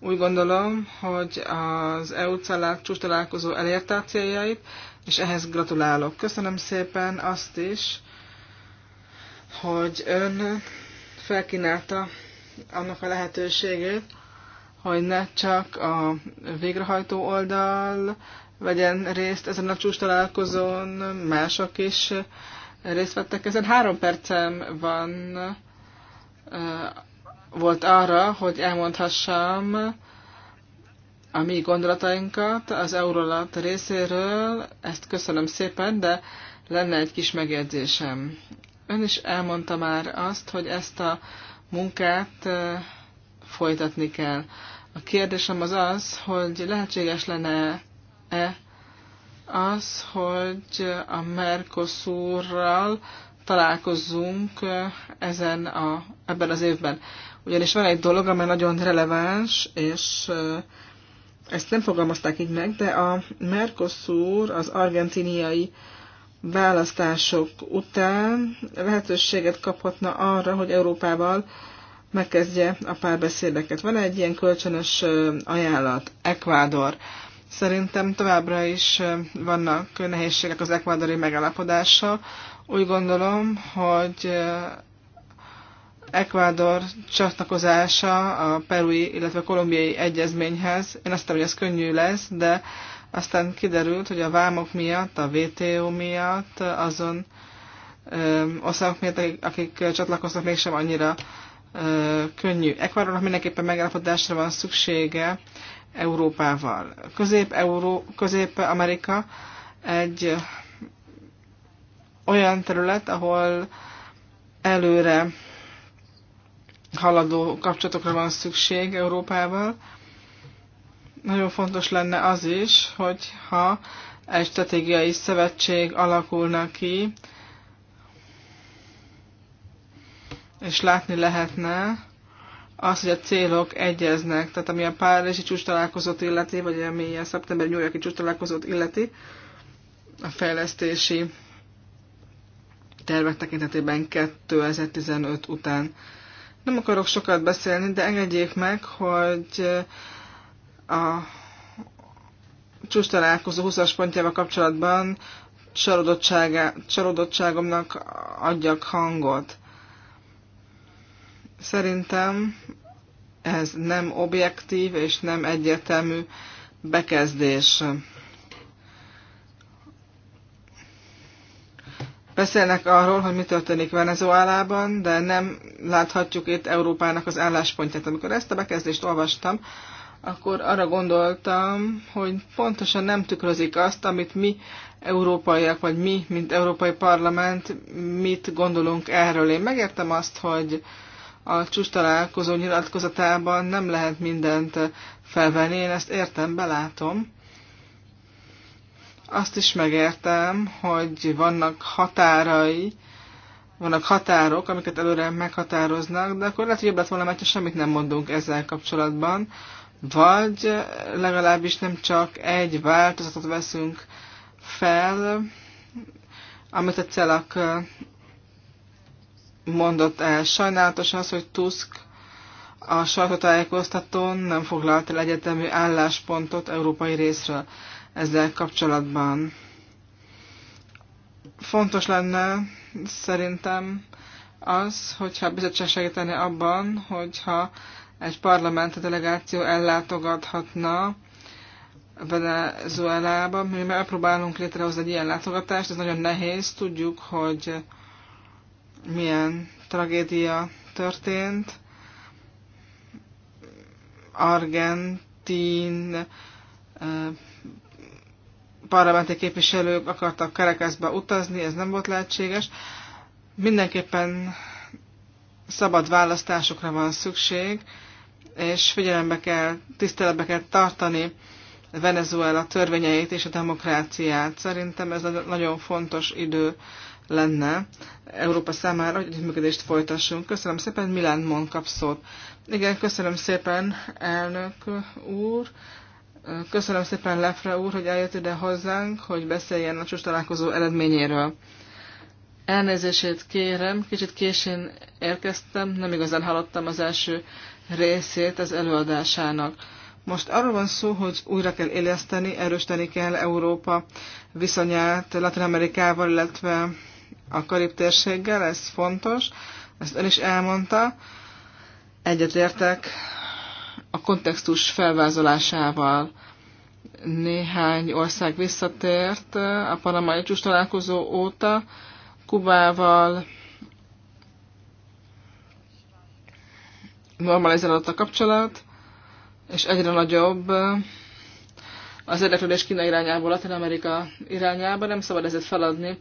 Úgy gondolom, hogy az EU csúcs találkozó elérte a céljait, és ehhez gratulálok. Köszönöm szépen azt is, hogy ön felkínálta annak a lehetőségét, hogy ne csak a végrehajtó oldal vegyen részt ezen a csúcs találkozón, mások is részt vettek ezen. Három percem van volt arra, hogy elmondhassam a mi gondolatainkat az Eurolat részéről. Ezt köszönöm szépen, de lenne egy kis megjegyzésem. Ön is elmondta már azt, hogy ezt a munkát folytatni kell. A kérdésem az az, hogy lehetséges lenne -e az, hogy a Mercosurral találkozzunk e, ezen a, ebben az évben. Ugyanis van egy dolog, amely nagyon releváns, és e, ezt nem fogalmazták így meg, de a Mercosur az argentiniai választások után lehetőséget kaphatna arra, hogy Európával megkezdje a párbeszédeket. Van egy ilyen kölcsönös e, ajánlat, Ekvádor. Szerintem továbbra is vannak nehézségek az ekvádori megalapodása. Úgy gondolom, hogy Ekvádor csatlakozása a perui, illetve a kolumbiai egyezményhez. Én azt hiszem, hogy ez könnyű lesz, de aztán kiderült, hogy a vámok miatt, a WTO miatt, azon országok miatt, akik, akik csatlakoznak, mégsem annyira ö, könnyű. Ekvádornak mindenképpen megállapodásra van szüksége Európával. Közép-Amerika Közép, egy olyan terület, ahol előre haladó kapcsolatokra van szükség Európával. Nagyon fontos lenne az is, hogyha egy stratégiai szövetség alakulna ki, és látni lehetne, az, hogy a célok egyeznek, tehát ami a Párizsi csúcs találkozót illeti, vagy ami a szeptember New Yorki csúcs találkozót illeti, a fejlesztési tervek tekintetében 2015 után. Nem akarok sokat beszélni, de engedjék meg, hogy a csúcs találkozó 20-as pontjával kapcsolatban csalódottságomnak adjak hangot. Szerintem ez nem objektív és nem egyértelmű bekezdés. Beszélnek arról, hogy mi történik Venezuelában, de nem láthatjuk itt Európának az álláspontját. Amikor ezt a bekezdést olvastam, akkor arra gondoltam, hogy pontosan nem tükrözik azt, amit mi európaiak, vagy mi, mint Európai Parlament, mit gondolunk erről. Én megértem azt, hogy a csúcs találkozó nyilatkozatában nem lehet mindent felvenni, én ezt értem, belátom. Azt is megértem, hogy vannak határai, vannak határok, amiket előre meghatároznak, de akkor lehet, hogy jobb lett volna, mert semmit nem mondunk ezzel kapcsolatban, vagy legalábbis nem csak egy változatot veszünk fel, amit a CELAK mondott el. Sajnálatos az, hogy Tusk a sajtótájékoztatón nem foglalt el egyetemű álláspontot európai részről ezzel kapcsolatban. Fontos lenne szerintem az, hogyha bizottság segíteni abban, hogyha egy parlamenti delegáció ellátogathatna Venezuelába. Mi megpróbálunk létrehozni egy ilyen látogatást, ez nagyon nehéz. Tudjuk, hogy milyen tragédia történt. Argentin parlamenti képviselők akartak Caracasba utazni, ez nem volt lehetséges. Mindenképpen szabad választásokra van szükség, és figyelembe kell, tiszteletbe kell tartani Venezuela törvényeit és a demokráciát. Szerintem ez nagyon fontos idő lenne Európa számára, hogy működést folytassunk. Köszönöm szépen, Milán Mon kapszót. Igen, köszönöm szépen, elnök úr. Köszönöm szépen Lefre úr, hogy eljött ide hozzánk, hogy beszéljen a csúcs találkozó eredményéről. Elnézését kérem, kicsit későn érkeztem, nem igazán hallottam az első részét az előadásának. Most arról van szó, hogy újra kell éleszteni, erősteni kell Európa viszonyát Latin Amerikával, illetve a karib térséggel, ez fontos, ezt ön is elmondta. Egyetértek a kontextus felvázolásával. Néhány ország visszatért a panamai csúcs találkozó óta, Kubával normalizálódott a kapcsolat, és egyre nagyobb az érdeklődés Kína irányából, Latin Amerika irányába, nem szabad ezért feladni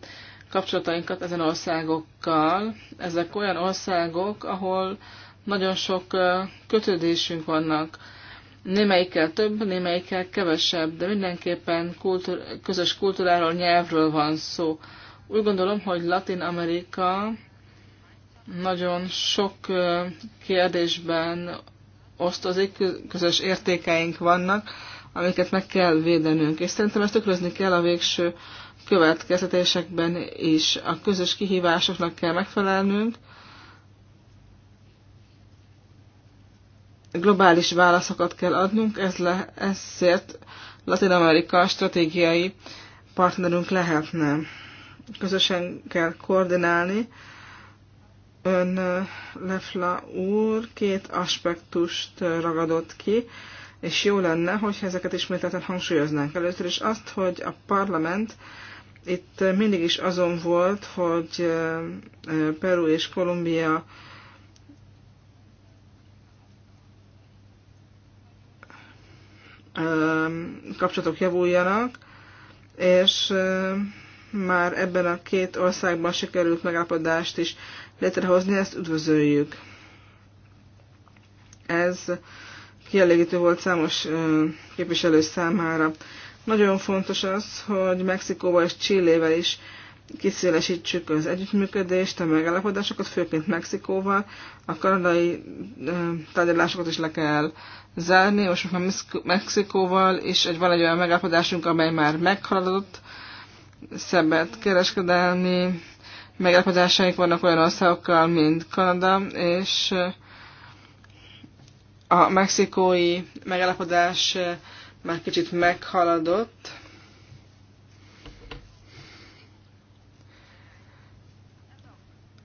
kapcsolatainkat ezen országokkal. Ezek olyan országok, ahol nagyon sok kötődésünk vannak. Némelyikkel több, némelyikkel kevesebb, de mindenképpen kultúr, közös kultúráról, nyelvről van szó. Úgy gondolom, hogy Latin Amerika nagyon sok kérdésben osztozik, közös értékeink vannak, amiket meg kell védenünk. És szerintem ezt tükrözni kell a végső következetésekben is a közös kihívásoknak kell megfelelnünk, globális válaszokat kell adnunk, ez le, ezért Latin Amerika stratégiai partnerünk lehetne. Közösen kell koordinálni. Ön Lefla úr két aspektust ragadott ki, és jó lenne, hogyha ezeket ismételten hangsúlyoznánk. Először is azt, hogy a parlament itt mindig is azon volt, hogy Peru és Kolumbia kapcsolatok javuljanak, és már ebben a két országban sikerült megállapodást is létrehozni, ezt üdvözöljük. Ez kielégítő volt számos képviselő számára. Nagyon fontos az, hogy Mexikóval és Csillével is kiszélesítsük az együttműködést, a megállapodásokat, főként Mexikóval. A kanadai tárgyalásokat is le kell zárni. Most már Mexikóval is egy, van egy olyan megállapodásunk, amely már meghaladott. Szebbet kereskedelmi megállapodásaink vannak olyan országokkal, mint Kanada, és a mexikói megállapodás már kicsit meghaladott.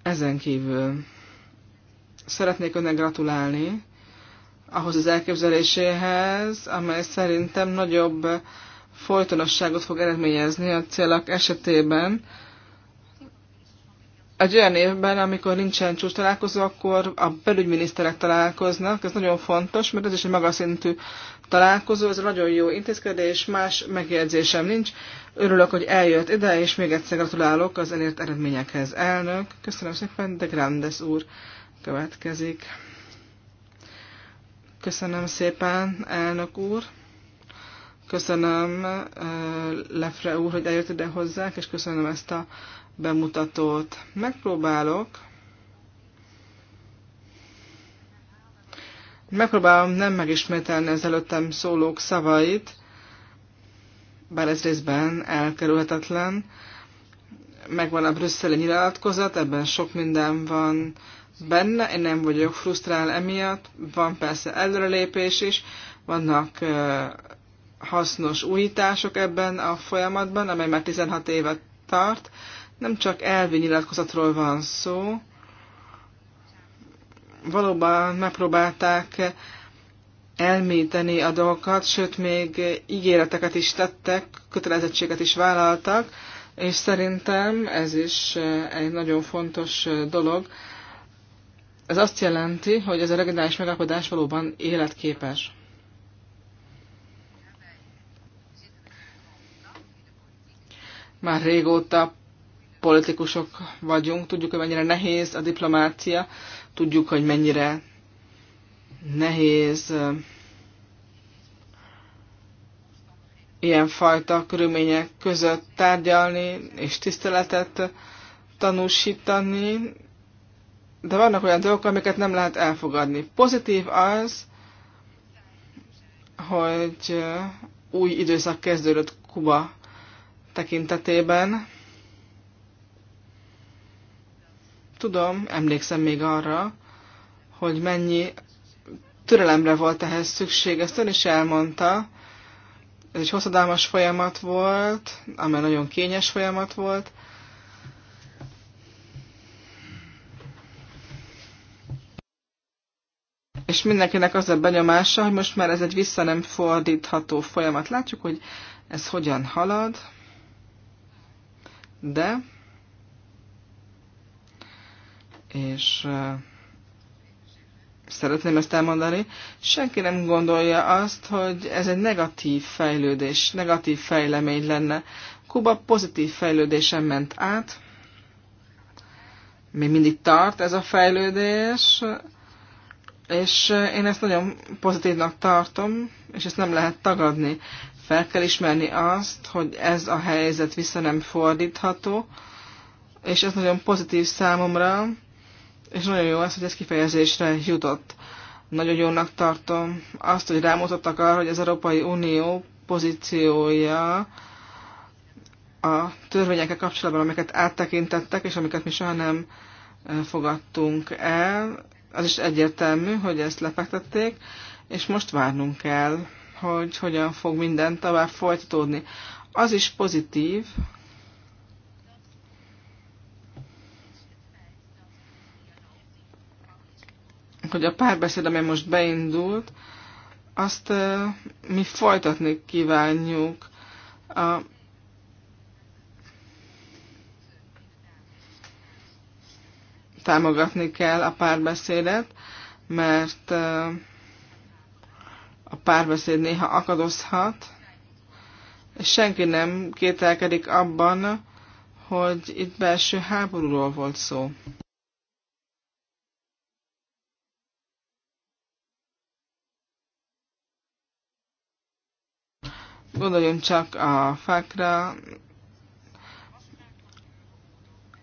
Ezen kívül szeretnék önnek gratulálni ahhoz az elképzeléséhez, amely szerintem nagyobb folytonosságot fog eredményezni a célak esetében, egy olyan évben, amikor nincsen csúcs találkozó, akkor a belügyminiszterek találkoznak. Ez nagyon fontos, mert ez is egy magas szintű találkozó, ez nagyon jó intézkedés, más megjegyzésem nincs. Örülök, hogy eljött ide, és még egyszer gratulálok az elért eredményekhez. Elnök, köszönöm szépen, de Grandes úr következik. Köszönöm szépen, elnök úr. Köszönöm eh, Lefre úr, hogy eljött ide hozzák, és köszönöm ezt a bemutatót. Megpróbálok Megpróbálom nem megismételni az előttem szólók szavait, bár ez részben elkerülhetetlen. Megvan a brüsszeli nyilatkozat, ebben sok minden van benne, én nem vagyok frusztrál emiatt, van persze előrelépés is, vannak hasznos újítások ebben a folyamatban, amely már 16 évet tart, nem csak elvi nyilatkozatról van szó, valóban megpróbálták elméteni a dolgokat, sőt még ígéreteket is tettek, kötelezettséget is vállaltak, és szerintem ez is egy nagyon fontos dolog. Ez azt jelenti, hogy ez a regionális megállapodás valóban életképes. Már régóta politikusok vagyunk, tudjuk, hogy mennyire nehéz a diplomácia, tudjuk, hogy mennyire nehéz ilyenfajta körülmények között tárgyalni és tiszteletet tanúsítani, de vannak olyan dolgok, amiket nem lehet elfogadni. Pozitív az, hogy új időszak kezdődött Kuba tekintetében, tudom, emlékszem még arra, hogy mennyi türelemre volt ehhez szükség. Ezt ön is elmondta. Ez egy hosszadalmas folyamat volt, amely nagyon kényes folyamat volt. És mindenkinek az a benyomása, hogy most már ez egy vissza nem fordítható folyamat. Látjuk, hogy ez hogyan halad, de és szeretném ezt elmondani, senki nem gondolja azt, hogy ez egy negatív fejlődés, negatív fejlemény lenne. Kuba pozitív fejlődésen ment át, még mindig tart ez a fejlődés, és én ezt nagyon pozitívnak tartom, és ezt nem lehet tagadni. Fel kell ismerni azt, hogy ez a helyzet vissza nem fordítható, és ez nagyon pozitív számomra, és nagyon jó az, hogy ez kifejezésre jutott. Nagyon jónak tartom azt, hogy rámutattak arra, hogy az Európai Unió pozíciója a törvényekkel kapcsolatban, amiket áttekintettek, és amiket mi soha nem fogadtunk el, az is egyértelmű, hogy ezt lefektették, és most várnunk kell, hogy hogyan fog minden tovább folytatódni. Az is pozitív, hogy a párbeszéd, amely most beindult, azt mi folytatni kívánjuk. A támogatni kell a párbeszédet, mert a párbeszéd néha akadozhat, és senki nem kételkedik abban, hogy itt belső háborúról volt szó. Gondoljunk csak a fákra,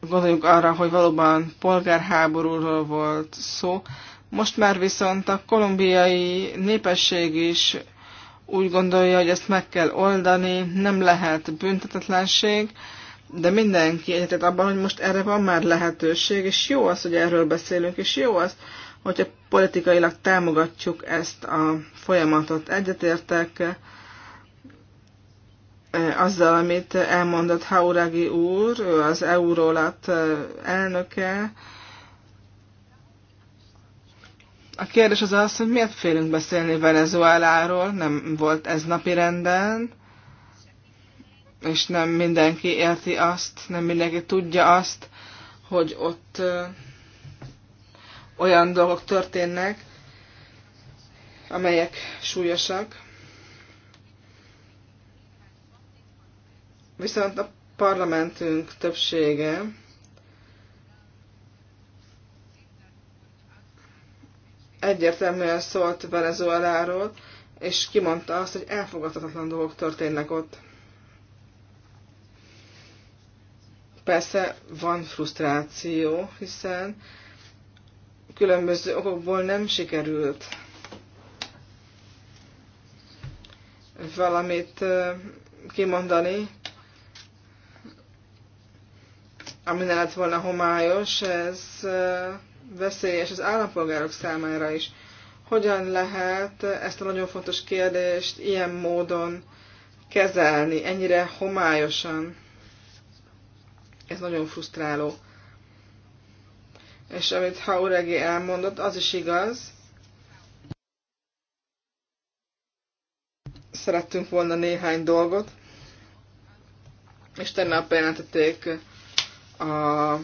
gondoljunk arra, hogy valóban polgárháborúról volt szó. Most már viszont a kolumbiai népesség is úgy gondolja, hogy ezt meg kell oldani, nem lehet büntetetlenség, de mindenki egyetett abban, hogy most erre van már lehetőség, és jó az, hogy erről beszélünk, és jó az, hogyha politikailag támogatjuk ezt a folyamatot. Egyetértek azzal, amit elmondott Hauragi úr, ő az Eurólat elnöke. A kérdés az az, hogy miért félünk beszélni Venezueláról, nem volt ez napi renden, és nem mindenki érti azt, nem mindenki tudja azt, hogy ott olyan dolgok történnek, amelyek súlyosak. Viszont a parlamentünk többsége egyértelműen szólt Venezueláról, és kimondta azt, hogy elfogadhatatlan dolgok történnek ott. Persze van frusztráció, hiszen különböző okokból nem sikerült valamit kimondani, ami ne lett volna homályos, ez veszélyes az állampolgárok számára is. Hogyan lehet ezt a nagyon fontos kérdést ilyen módon kezelni, ennyire homályosan? Ez nagyon frusztráló. És amit Hauregi elmondott, az is igaz. Szerettünk volna néhány dolgot, és tegnap bejelentették a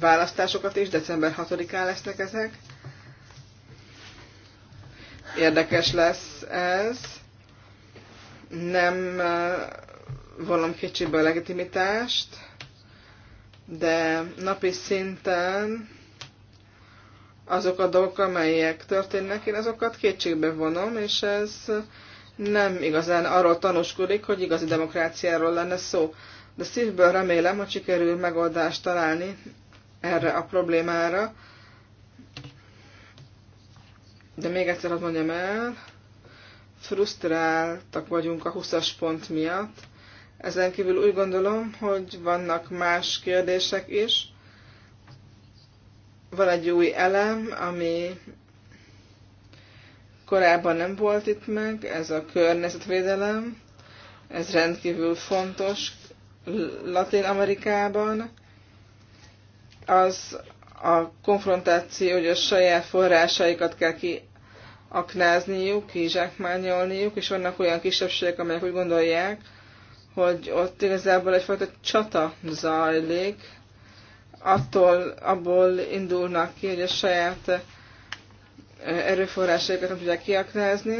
választásokat is, december 6-án lesznek ezek. Érdekes lesz ez. Nem eh, vonom kicsibe a legitimitást, de napi szinten azok a dolgok, amelyek történnek, én azokat kétségbe vonom, és ez nem igazán arról tanúskodik, hogy igazi demokráciáról lenne szó de szívből remélem, hogy sikerül megoldást találni erre a problémára. De még egyszer azt mondjam el, frusztráltak vagyunk a 20-as pont miatt. Ezen kívül úgy gondolom, hogy vannak más kérdések is. Van egy új elem, ami korábban nem volt itt meg, ez a környezetvédelem. Ez rendkívül fontos Latin Amerikában, az a konfrontáció, hogy a saját forrásaikat kell kiaknázniuk, kizsákmányolniuk, és vannak olyan kisebbségek, amelyek úgy gondolják, hogy ott igazából egyfajta csata zajlik, attól abból indulnak ki, hogy a saját erőforrásaikat nem tudják kiaknázni.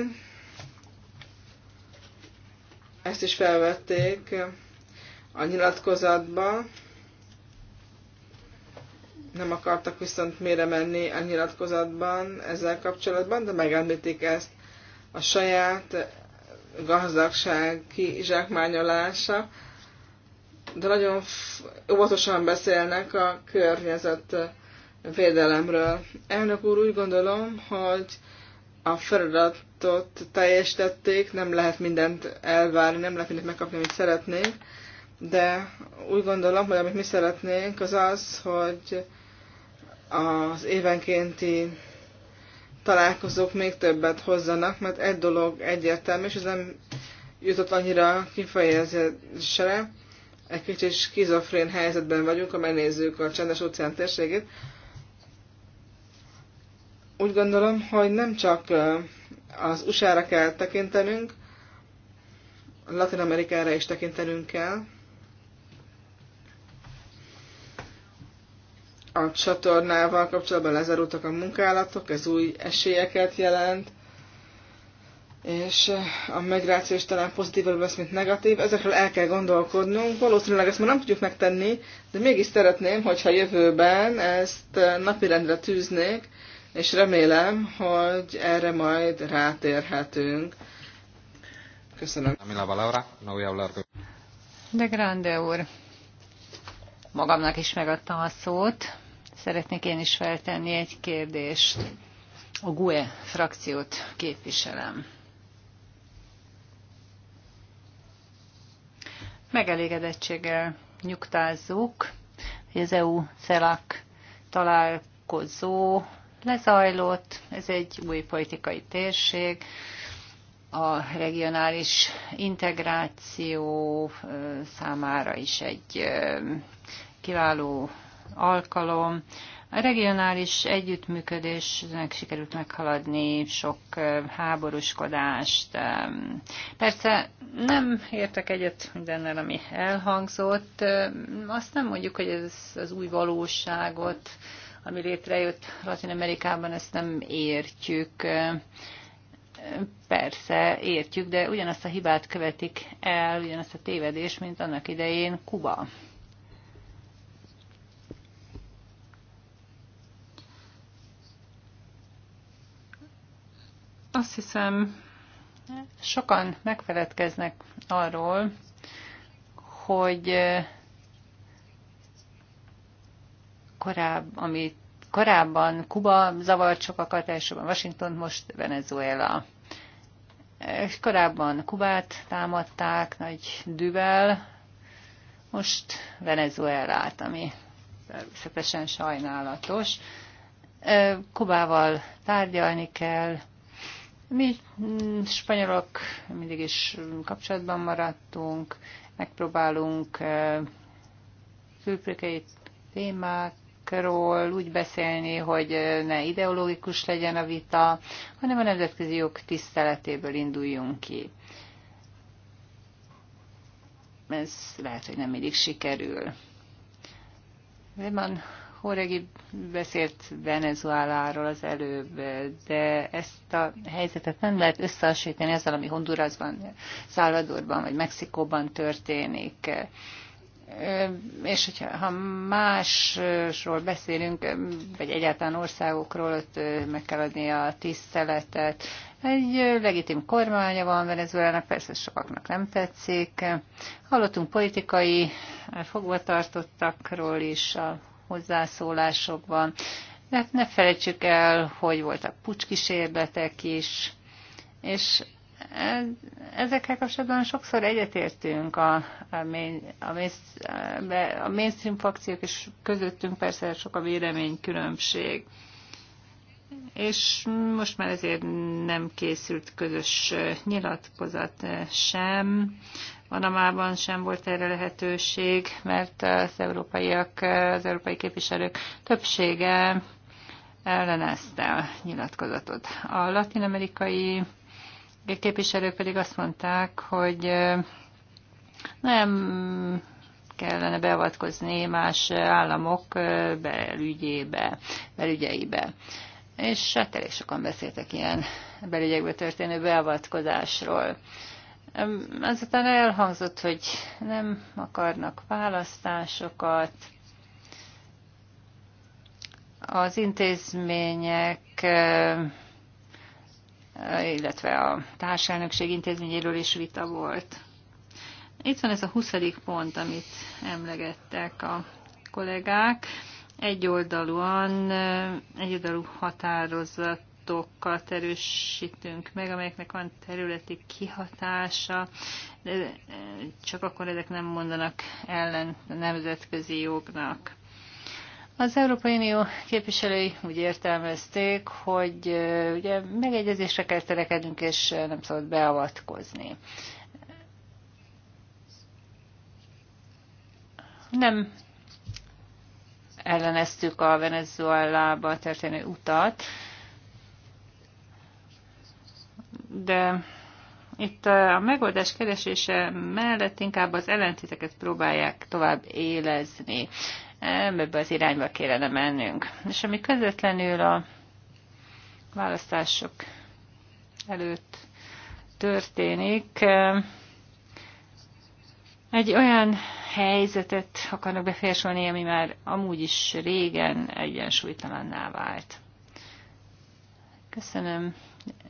Ezt is felvették a nyilatkozatba. Nem akartak viszont mére menni a nyilatkozatban ezzel kapcsolatban, de megemlítik ezt a saját gazdagság kizsákmányolása, de nagyon óvatosan beszélnek a környezet védelemről. Elnök úr, úgy gondolom, hogy a feladatot teljesítették, nem lehet mindent elvárni, nem lehet mindent megkapni, amit szeretnénk, de úgy gondolom, hogy amit mi szeretnénk, az az, hogy az évenkénti találkozók még többet hozzanak, mert egy dolog egyértelmű, és ez nem jutott annyira kifejezésre. Egy kicsit skizofrén helyzetben vagyunk, ha megnézzük a csendes óceán térségét. Úgy gondolom, hogy nem csak az USA-ra kell tekintenünk, Latin Amerikára is tekintenünk kell, a csatornával kapcsolatban lezárultak a munkálatok, ez új esélyeket jelent, és a migráció is talán pozitívabb lesz, mint negatív. Ezekről el kell gondolkodnunk. Valószínűleg ezt már nem tudjuk megtenni, de mégis szeretném, hogyha jövőben ezt napirendre tűznék, és remélem, hogy erre majd rátérhetünk. Köszönöm. De Grande úr, magamnak is megadtam a szót. Szeretnék én is feltenni egy kérdést. A GUE frakciót képviselem. Megelégedettséggel nyugtázzuk, hogy az EU-CELAC találkozó lezajlott. Ez egy új politikai térség a regionális integráció számára is egy kiváló alkalom. A regionális együttműködésnek sikerült meghaladni sok háborúskodást. Persze nem értek egyet mindennel, ami elhangzott. Azt nem mondjuk, hogy ez az új valóságot, ami létrejött Latin Amerikában, ezt nem értjük persze értjük, de ugyanazt a hibát követik el, ugyanazt a tévedés, mint annak idején Kuba. Azt hiszem, sokan megfeledkeznek arról, hogy eh, korábban, amit Korábban Kuba zavart sokakat, elsőben Washington, most Venezuela. Korábban Kubát támadták nagy düvel, most Venezuelát, ami természetesen sajnálatos. Kubával tárgyalni kell. Mi spanyolok mindig is kapcsolatban maradtunk, megpróbálunk külpolitikai témák jogokról úgy beszélni, hogy ne ideológikus legyen a vita, hanem a nemzetközi jog tiszteletéből induljunk ki. Ez lehet, hogy nem mindig sikerül. Van Horegi beszélt Venezueláról az előbb, de ezt a helyzetet nem lehet összehasonlítani ezzel, ami Hondurasban, Salvadorban vagy Mexikóban történik és hogyha ha másról beszélünk, vagy egyáltalán országokról, ott meg kell adni a tiszteletet. Egy legitim kormánya van Venezuelának, persze sokaknak nem tetszik. Hallottunk politikai fogvatartottakról is a hozzászólásokban. De hát ne felejtsük el, hogy voltak pucskísérletek is, és Ezekkel kapcsolatban sokszor egyetértünk a, a, main, a, a mainstream fakciók, és közöttünk persze sok a véleménykülönbség. És most már ezért nem készült közös nyilatkozat sem. Panamában sem volt erre lehetőség, mert az európaiak, az európai képviselők többsége ellenezte a nyilatkozatot. A latin-amerikai képviselők pedig azt mondták, hogy nem kellene beavatkozni más államok belügyébe, belügyeibe. És hát elég sokan beszéltek ilyen belügyekbe történő beavatkozásról. Azután elhangzott, hogy nem akarnak választásokat, az intézmények illetve a társelnökség intézményéről is vita volt. Itt van ez a 20. pont, amit emlegettek a kollégák. Egyoldalúan, egyoldalú határozatokat erősítünk meg, amelyeknek van területi kihatása, de csak akkor ezek nem mondanak ellen a nemzetközi jognak. Az Európai Unió képviselői úgy értelmezték, hogy ugye megegyezésre kell telekednünk, és nem szabad beavatkozni. Nem elleneztük a Venezuelába történő utat, de itt a megoldás keresése mellett inkább az ellentéteket próbálják tovább élezni ebbe az irányba kellene mennünk. És ami közvetlenül a választások előtt történik, egy olyan helyzetet akarnak befejezni, ami már amúgy is régen egyensúlytalanná vált. Köszönöm.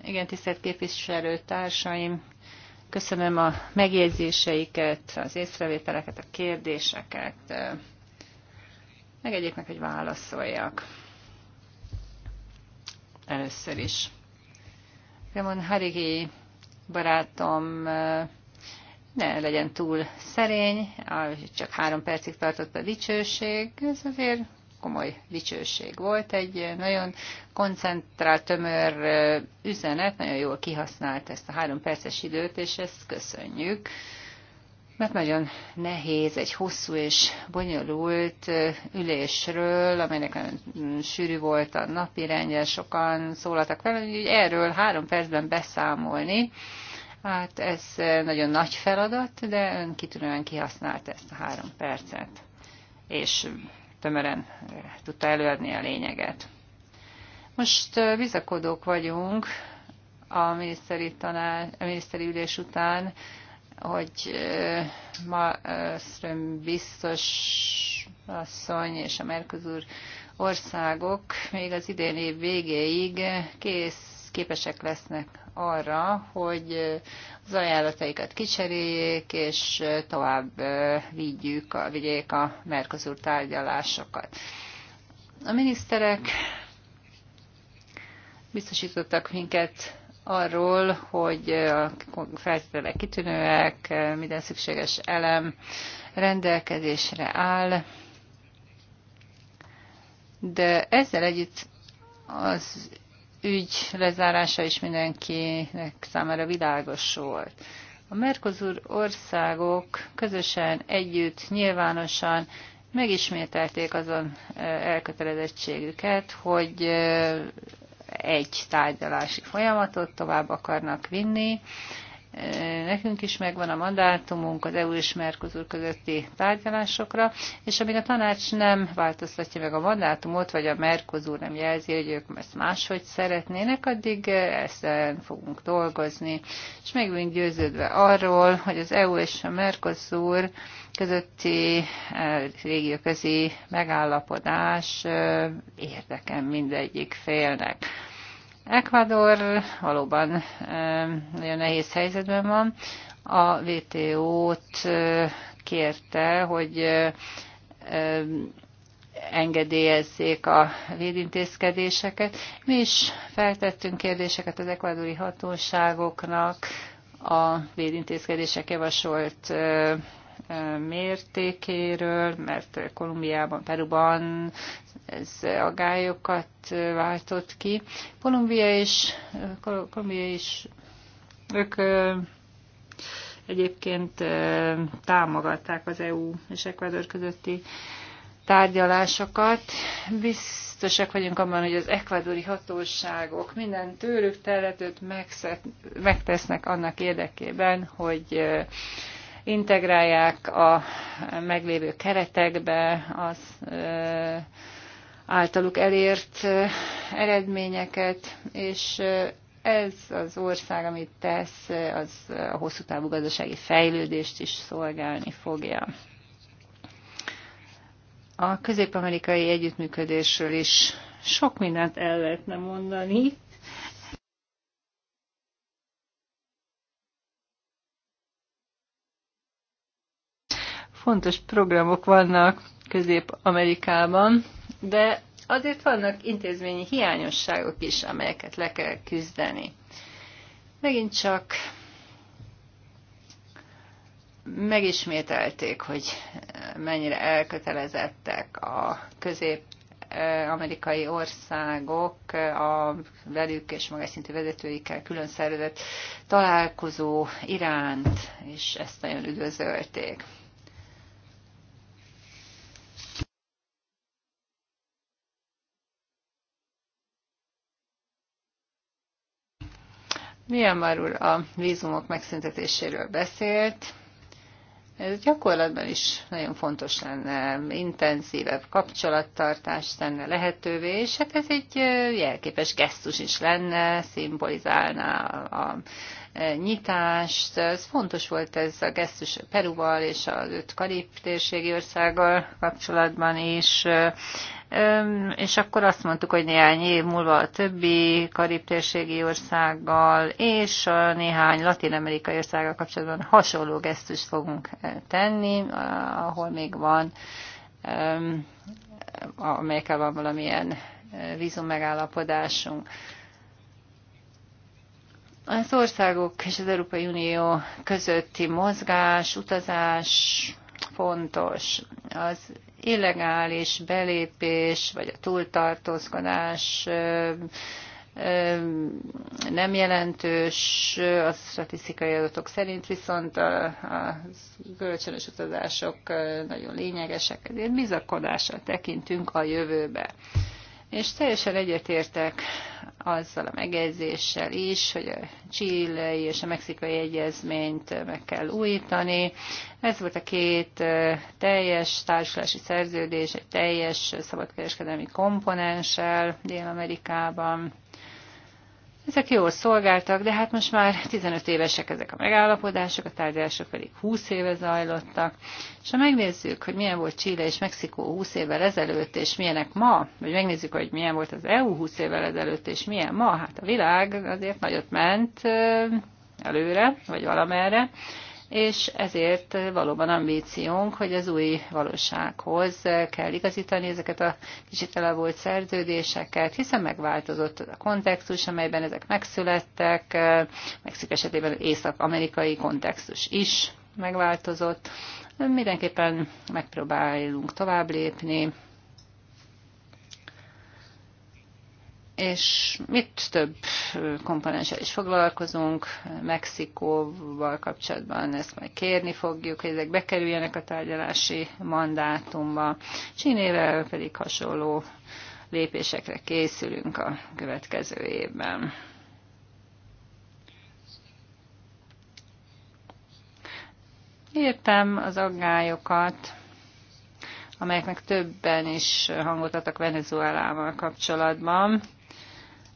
Igen, tisztelt képviselő társaim, köszönöm a megjegyzéseiket, az észrevételeket, a kérdéseket. Megegyék meg, hogy válaszoljak. Először is. Ramon Harigi barátom ne legyen túl szerény, csak három percig tartott a dicsőség, ez azért komoly dicsőség volt, egy nagyon koncentrált, tömör üzenet, nagyon jól kihasznált ezt a három perces időt, és ezt köszönjük mert nagyon nehéz egy hosszú és bonyolult ülésről, amelynek nagyon sűrű volt a napirendje, sokan szólaltak velem, hogy erről három percben beszámolni. Hát ez nagyon nagy feladat, de ön kitűnően kihasznált ezt a három percet, és tömören tudta előadni a lényeget. Most bizakodók vagyunk a miniszteri, tanár, a miniszteri ülés után, hogy ma Ström biztos asszony és a Merkuzur országok még az idén év végéig kész, képesek lesznek arra, hogy az ajánlataikat kicseréljék, és tovább vigyük, vigyék a Merkuzur tárgyalásokat. A miniszterek biztosítottak minket arról, hogy a feltételek kitűnőek, minden szükséges elem rendelkezésre áll, de ezzel együtt az ügy lezárása is mindenkinek számára világos volt. A Merkozur országok közösen, együtt, nyilvánosan megismételték azon eh, elkötelezettségüket, hogy eh, egy tárgyalási folyamatot tovább akarnak vinni. Nekünk is megvan a mandátumunk az EU és Merkozur közötti tárgyalásokra, és amíg a tanács nem változtatja meg a mandátumot, vagy a Merkozur nem jelzi, hogy ők ezt máshogy szeretnének, addig ezen fogunk dolgozni. És meg vagyunk győződve arról, hogy az EU és a Merkozur közötti eh, régióközi megállapodás eh, érdekem mindegyik félnek. Ecuador valóban eh, nagyon nehéz helyzetben van. A WTO-t kérte, hogy engedélyezzék a védintézkedéseket. Mi is feltettünk kérdéseket az ekvádori hatóságoknak a védintézkedések javasolt mértékéről, mert Kolumbiában, Peruban ez agályokat váltott ki. Kolumbia is, Kolumbia is ők egyébként támogatták az EU és Ecuador közötti tárgyalásokat. Biztosak vagyunk abban, hogy az ekvadori hatóságok minden tőlük teretőt megtesznek annak érdekében, hogy integrálják a meglévő keretekbe az általuk elért eredményeket, és ez az ország, amit tesz, az a hosszú távú gazdasági fejlődést is szolgálni fogja. A közép-amerikai együttműködésről is sok mindent el lehetne mondani, Fontos programok vannak Közép-Amerikában, de azért vannak intézményi hiányosságok is, amelyeket le kell küzdeni. Megint csak megismételték, hogy mennyire elkötelezettek a közép amerikai országok a velük és magas szintű vezetőikkel külön szervezett találkozó iránt, és ezt nagyon üdvözölték. Myanmar úr a vízumok megszüntetéséről beszélt. Ez gyakorlatban is nagyon fontos lenne, intenzívebb kapcsolattartást tenne lehetővé, és hát ez egy jelképes gesztus is lenne, szimbolizálná a nyitást. Ez fontos volt ez a gesztus Peruval és az öt Karib térségi országgal kapcsolatban is. És akkor azt mondtuk, hogy néhány év múlva a többi karib térségi országgal és a néhány latin-amerikai országgal kapcsolatban hasonló gesztust fogunk tenni, ahol még van amelyekkel van valamilyen vízum megállapodásunk. Az országok és az Európai Unió közötti mozgás, utazás fontos. Az illegális belépés, vagy a túltartózkodás nem jelentős, a statisztikai adatok szerint viszont a, a kölcsönös utazások nagyon lényegesek, ezért bizakodással tekintünk a jövőbe. És teljesen egyetértek azzal a megjegyzéssel is, hogy a csillai és a mexikai egyezményt meg kell újítani. Ez volt a két teljes társulási szerződés, egy teljes szabadkereskedelmi komponenssel Dél-Amerikában. Ezek jól szolgáltak, de hát most már 15 évesek ezek a megállapodások, a tárgyalások pedig 20 éve zajlottak. És ha megnézzük, hogy milyen volt Chile és Mexikó 20 évvel ezelőtt, és milyenek ma, vagy megnézzük, hogy milyen volt az EU 20 évvel ezelőtt, és milyen ma, hát a világ azért nagyot ment előre, vagy valamerre és ezért valóban ambíciónk, hogy az új valósághoz kell igazítani ezeket a kicsit elavult szerződéseket, hiszen megváltozott a kontextus, amelyben ezek megszülettek, Mexik esetében észak-amerikai kontextus is megváltozott. Mindenképpen megpróbálunk tovább lépni, és mit több komponenssel is foglalkozunk, Mexikóval kapcsolatban ezt majd kérni fogjuk, hogy ezek bekerüljenek a tárgyalási mandátumba. Csinével pedig hasonló lépésekre készülünk a következő évben. Értem az aggályokat, amelyeknek többen is hangot adtak Venezuelával kapcsolatban.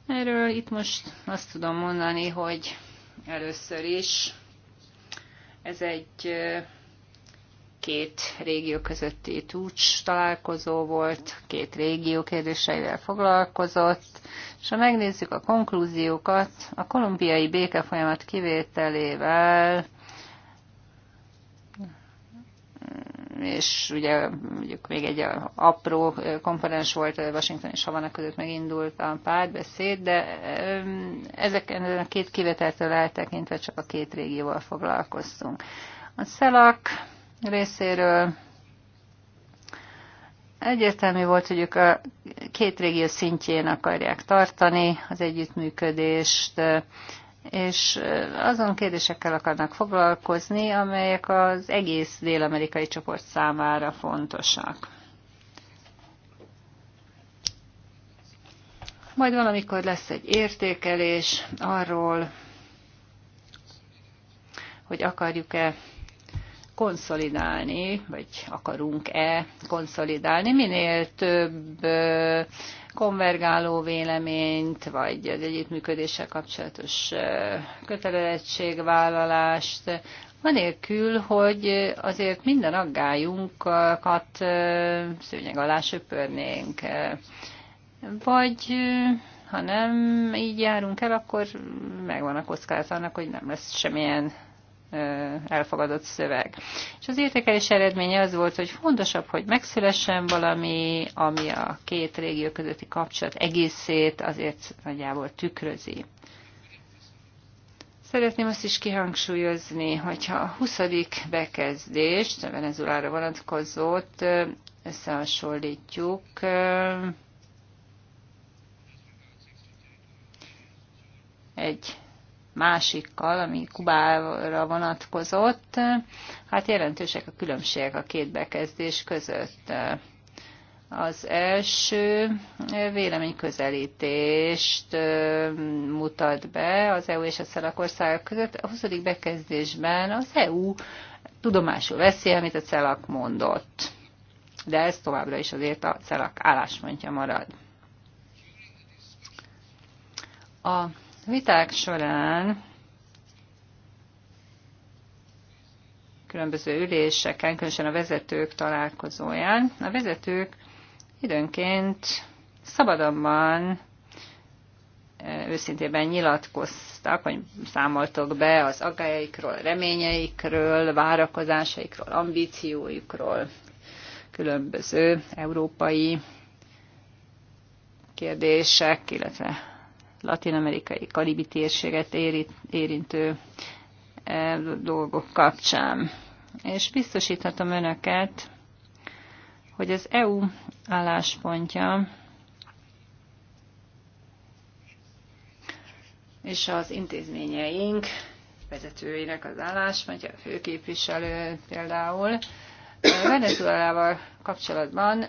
Erről itt most azt tudom mondani, hogy először is ez egy két régió közötti túcs találkozó volt, két régió kérdéseivel foglalkozott, és ha megnézzük a konklúziókat, a kolumbiai békefolyamat kivételével és ugye mondjuk még egy apró komponens volt Washington és Havana között megindult a párbeszéd, de ezeken a két kivételtől eltekintve csak a két régióval foglalkoztunk. A szelak részéről egyértelmű volt, hogy ők a két régió szintjén akarják tartani az együttműködést, és azon kérdésekkel akarnak foglalkozni, amelyek az egész dél-amerikai csoport számára fontosak. Majd valamikor lesz egy értékelés arról, hogy akarjuk-e konszolidálni, vagy akarunk-e konszolidálni minél több konvergáló véleményt, vagy az együttműködéssel kapcsolatos kötelezettségvállalást, anélkül, hogy azért minden aggályunkat szőnyeg alá söpörnénk. Vagy ha nem így járunk el, akkor megvan a kockázat annak, hogy nem lesz semmilyen elfogadott szöveg. És az értékelés eredménye az volt, hogy fontosabb, hogy megszülessen valami, ami a két régió közötti kapcsolat egészét azért nagyjából tükrözi. Szeretném azt is kihangsúlyozni, hogyha a 20. bekezdést, a Venezuelára vonatkozott, összehasonlítjuk, egy másikkal, ami Kubára vonatkozott, hát jelentősek a különbségek a két bekezdés között. Az első véleményközelítést mutat be az EU és a szelakországok között. A 20. bekezdésben az EU tudomásul veszi, amit a szelak mondott. De ez továbbra is azért a szelak álláspontja marad. A viták során különböző üléseken, különösen a vezetők találkozóján, a vezetők időnként szabadabban e, őszintében nyilatkoztak, vagy számoltak be az aggájaikról, reményeikről, várakozásaikról, ambícióikról, különböző európai kérdések, illetve latin-amerikai karibi térséget érintő eh, dolgok kapcsán. És biztosíthatom önöket, hogy az EU álláspontja és az intézményeink vezetőinek az álláspontja, a főképviselő például, eh, Venezuelával kapcsolatban eh,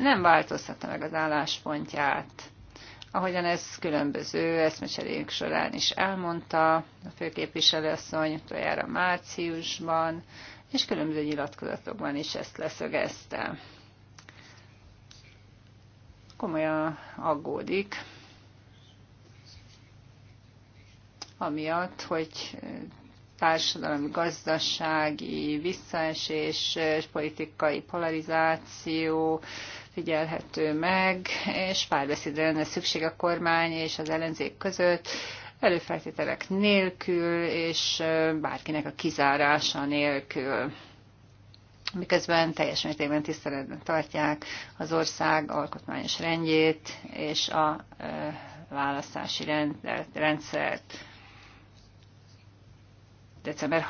nem változtatta meg az álláspontját ahogyan ez különböző eszmecserék során is elmondta a főképviselőasszony utoljára márciusban, és különböző nyilatkozatokban is ezt leszögezte. Komolyan aggódik, amiatt, hogy társadalmi, gazdasági visszaesés, politikai polarizáció, figyelhető meg, és párbeszédre lenne szükség a kormány és az ellenzék között, előfeltételek nélkül, és bárkinek a kizárása nélkül miközben teljes mértékben tiszteletben tartják az ország alkotmányos rendjét és a választási rendszert. December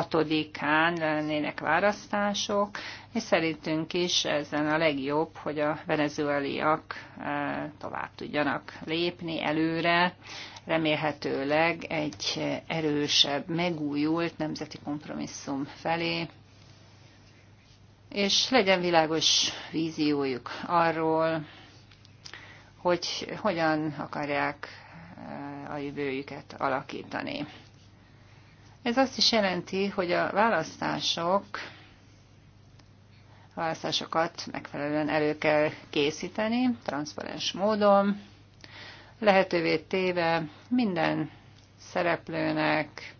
6-án lennének választások, és szerintünk is ezen a legjobb, hogy a venezueliak eh, tovább tudjanak lépni előre, remélhetőleg egy erősebb, megújult nemzeti kompromisszum felé, és legyen világos víziójuk arról, hogy hogyan akarják eh, a jövőjüket alakítani. Ez azt is jelenti, hogy a választások a választásokat megfelelően elő kell készíteni, transzparens módon, lehetővé téve minden szereplőnek,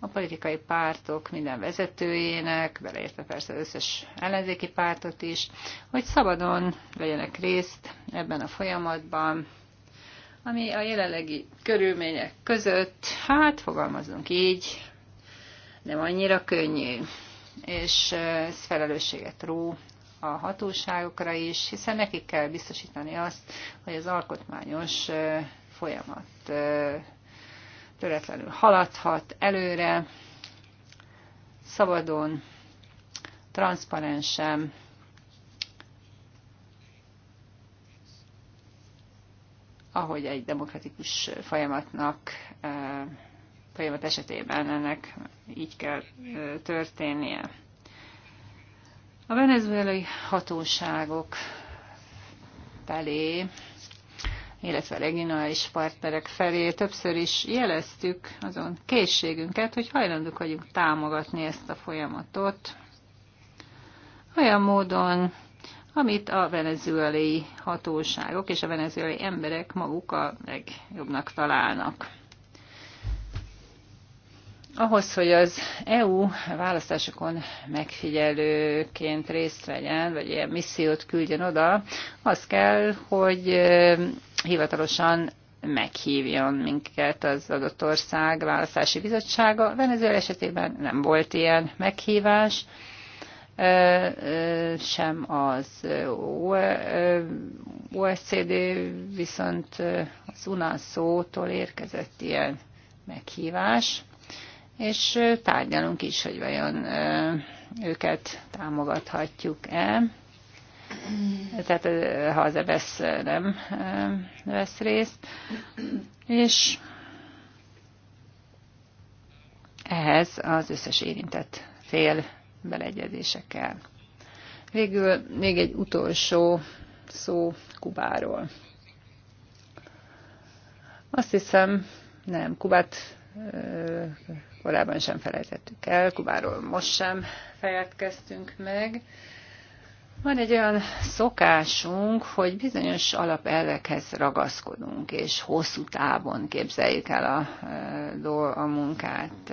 a politikai pártok minden vezetőjének, beleértve persze az összes ellenzéki pártot is, hogy szabadon vegyenek részt ebben a folyamatban, ami a jelenlegi körülmények között, hát fogalmazunk így, nem annyira könnyű, és ez felelősséget ró a hatóságokra is, hiszen nekik kell biztosítani azt, hogy az alkotmányos folyamat töretlenül haladhat előre, szabadon, transzparensen, ahogy egy demokratikus folyamatnak folyamat esetében ennek így kell történnie. A venezuelai hatóságok felé, illetve regionális partnerek felé többször is jeleztük azon készségünket, hogy hajlandók vagyunk támogatni ezt a folyamatot olyan módon, amit a venezuelai hatóságok és a venezuelai emberek maguk a legjobbnak találnak ahhoz, hogy az EU választásokon megfigyelőként részt vegyen, vagy ilyen missziót küldjön oda, az kell, hogy hivatalosan meghívjon minket az adott ország választási bizottsága. Venezuela esetében nem volt ilyen meghívás, sem az OECD, viszont az UNASZO-tól érkezett ilyen meghívás és tárgyalunk is, hogy vajon őket támogathatjuk-e. Tehát ha az ebesz nem vesz részt. És ehhez az összes érintett fél beleegyezésekkel. Végül még egy utolsó szó Kubáról. Azt hiszem, nem, Kubát korábban sem felejtettük el, Kubáról most sem feledkeztünk meg. Van egy olyan szokásunk, hogy bizonyos alapelvekhez ragaszkodunk, és hosszú távon képzeljük el a, a munkát.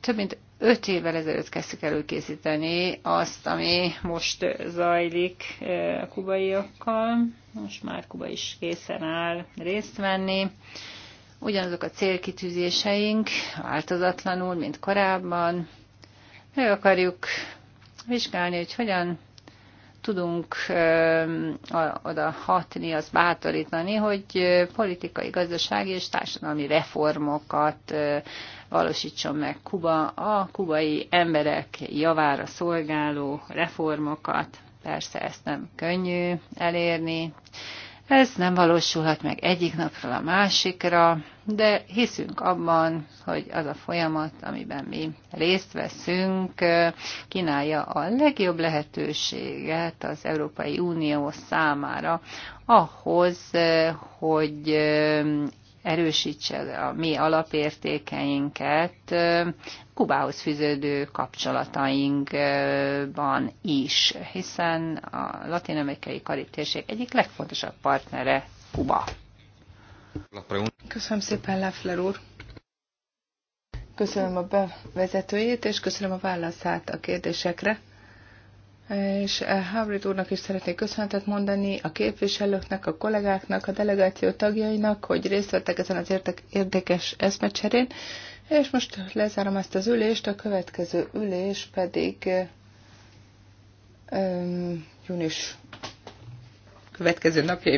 Több mint Öt évvel ezelőtt kezdtük előkészíteni azt, ami most zajlik eh, a kubaiakkal. Most már Kuba is készen áll részt venni. Ugyanazok a célkitűzéseink változatlanul, mint korábban. Meg akarjuk vizsgálni, hogy hogyan tudunk oda hatni, az bátorítani, hogy politikai, gazdasági és társadalmi reformokat valósítson meg Kuba, a kubai emberek javára szolgáló reformokat. Persze ezt nem könnyű elérni, ez nem valósulhat meg egyik napról a másikra, de hiszünk abban, hogy az a folyamat, amiben mi részt veszünk, kínálja a legjobb lehetőséget az Európai Unió számára ahhoz, hogy erősítse a mi alapértékeinket Kubához fűződő kapcsolatainkban is, hiszen a latin-amerikai karib térség egyik legfontosabb partnere Kuba. Köszönöm szépen, Leffler úr! Köszönöm a bevezetőjét, és köszönöm a válaszát a kérdésekre és eh, Havrit úrnak is szeretnék köszönetet mondani, a képviselőknek, a kollégáknak, a delegáció tagjainak, hogy részt vettek ezen az érdekes eszmecserén, és most lezárom ezt az ülést, a következő ülés pedig um, június következő napjai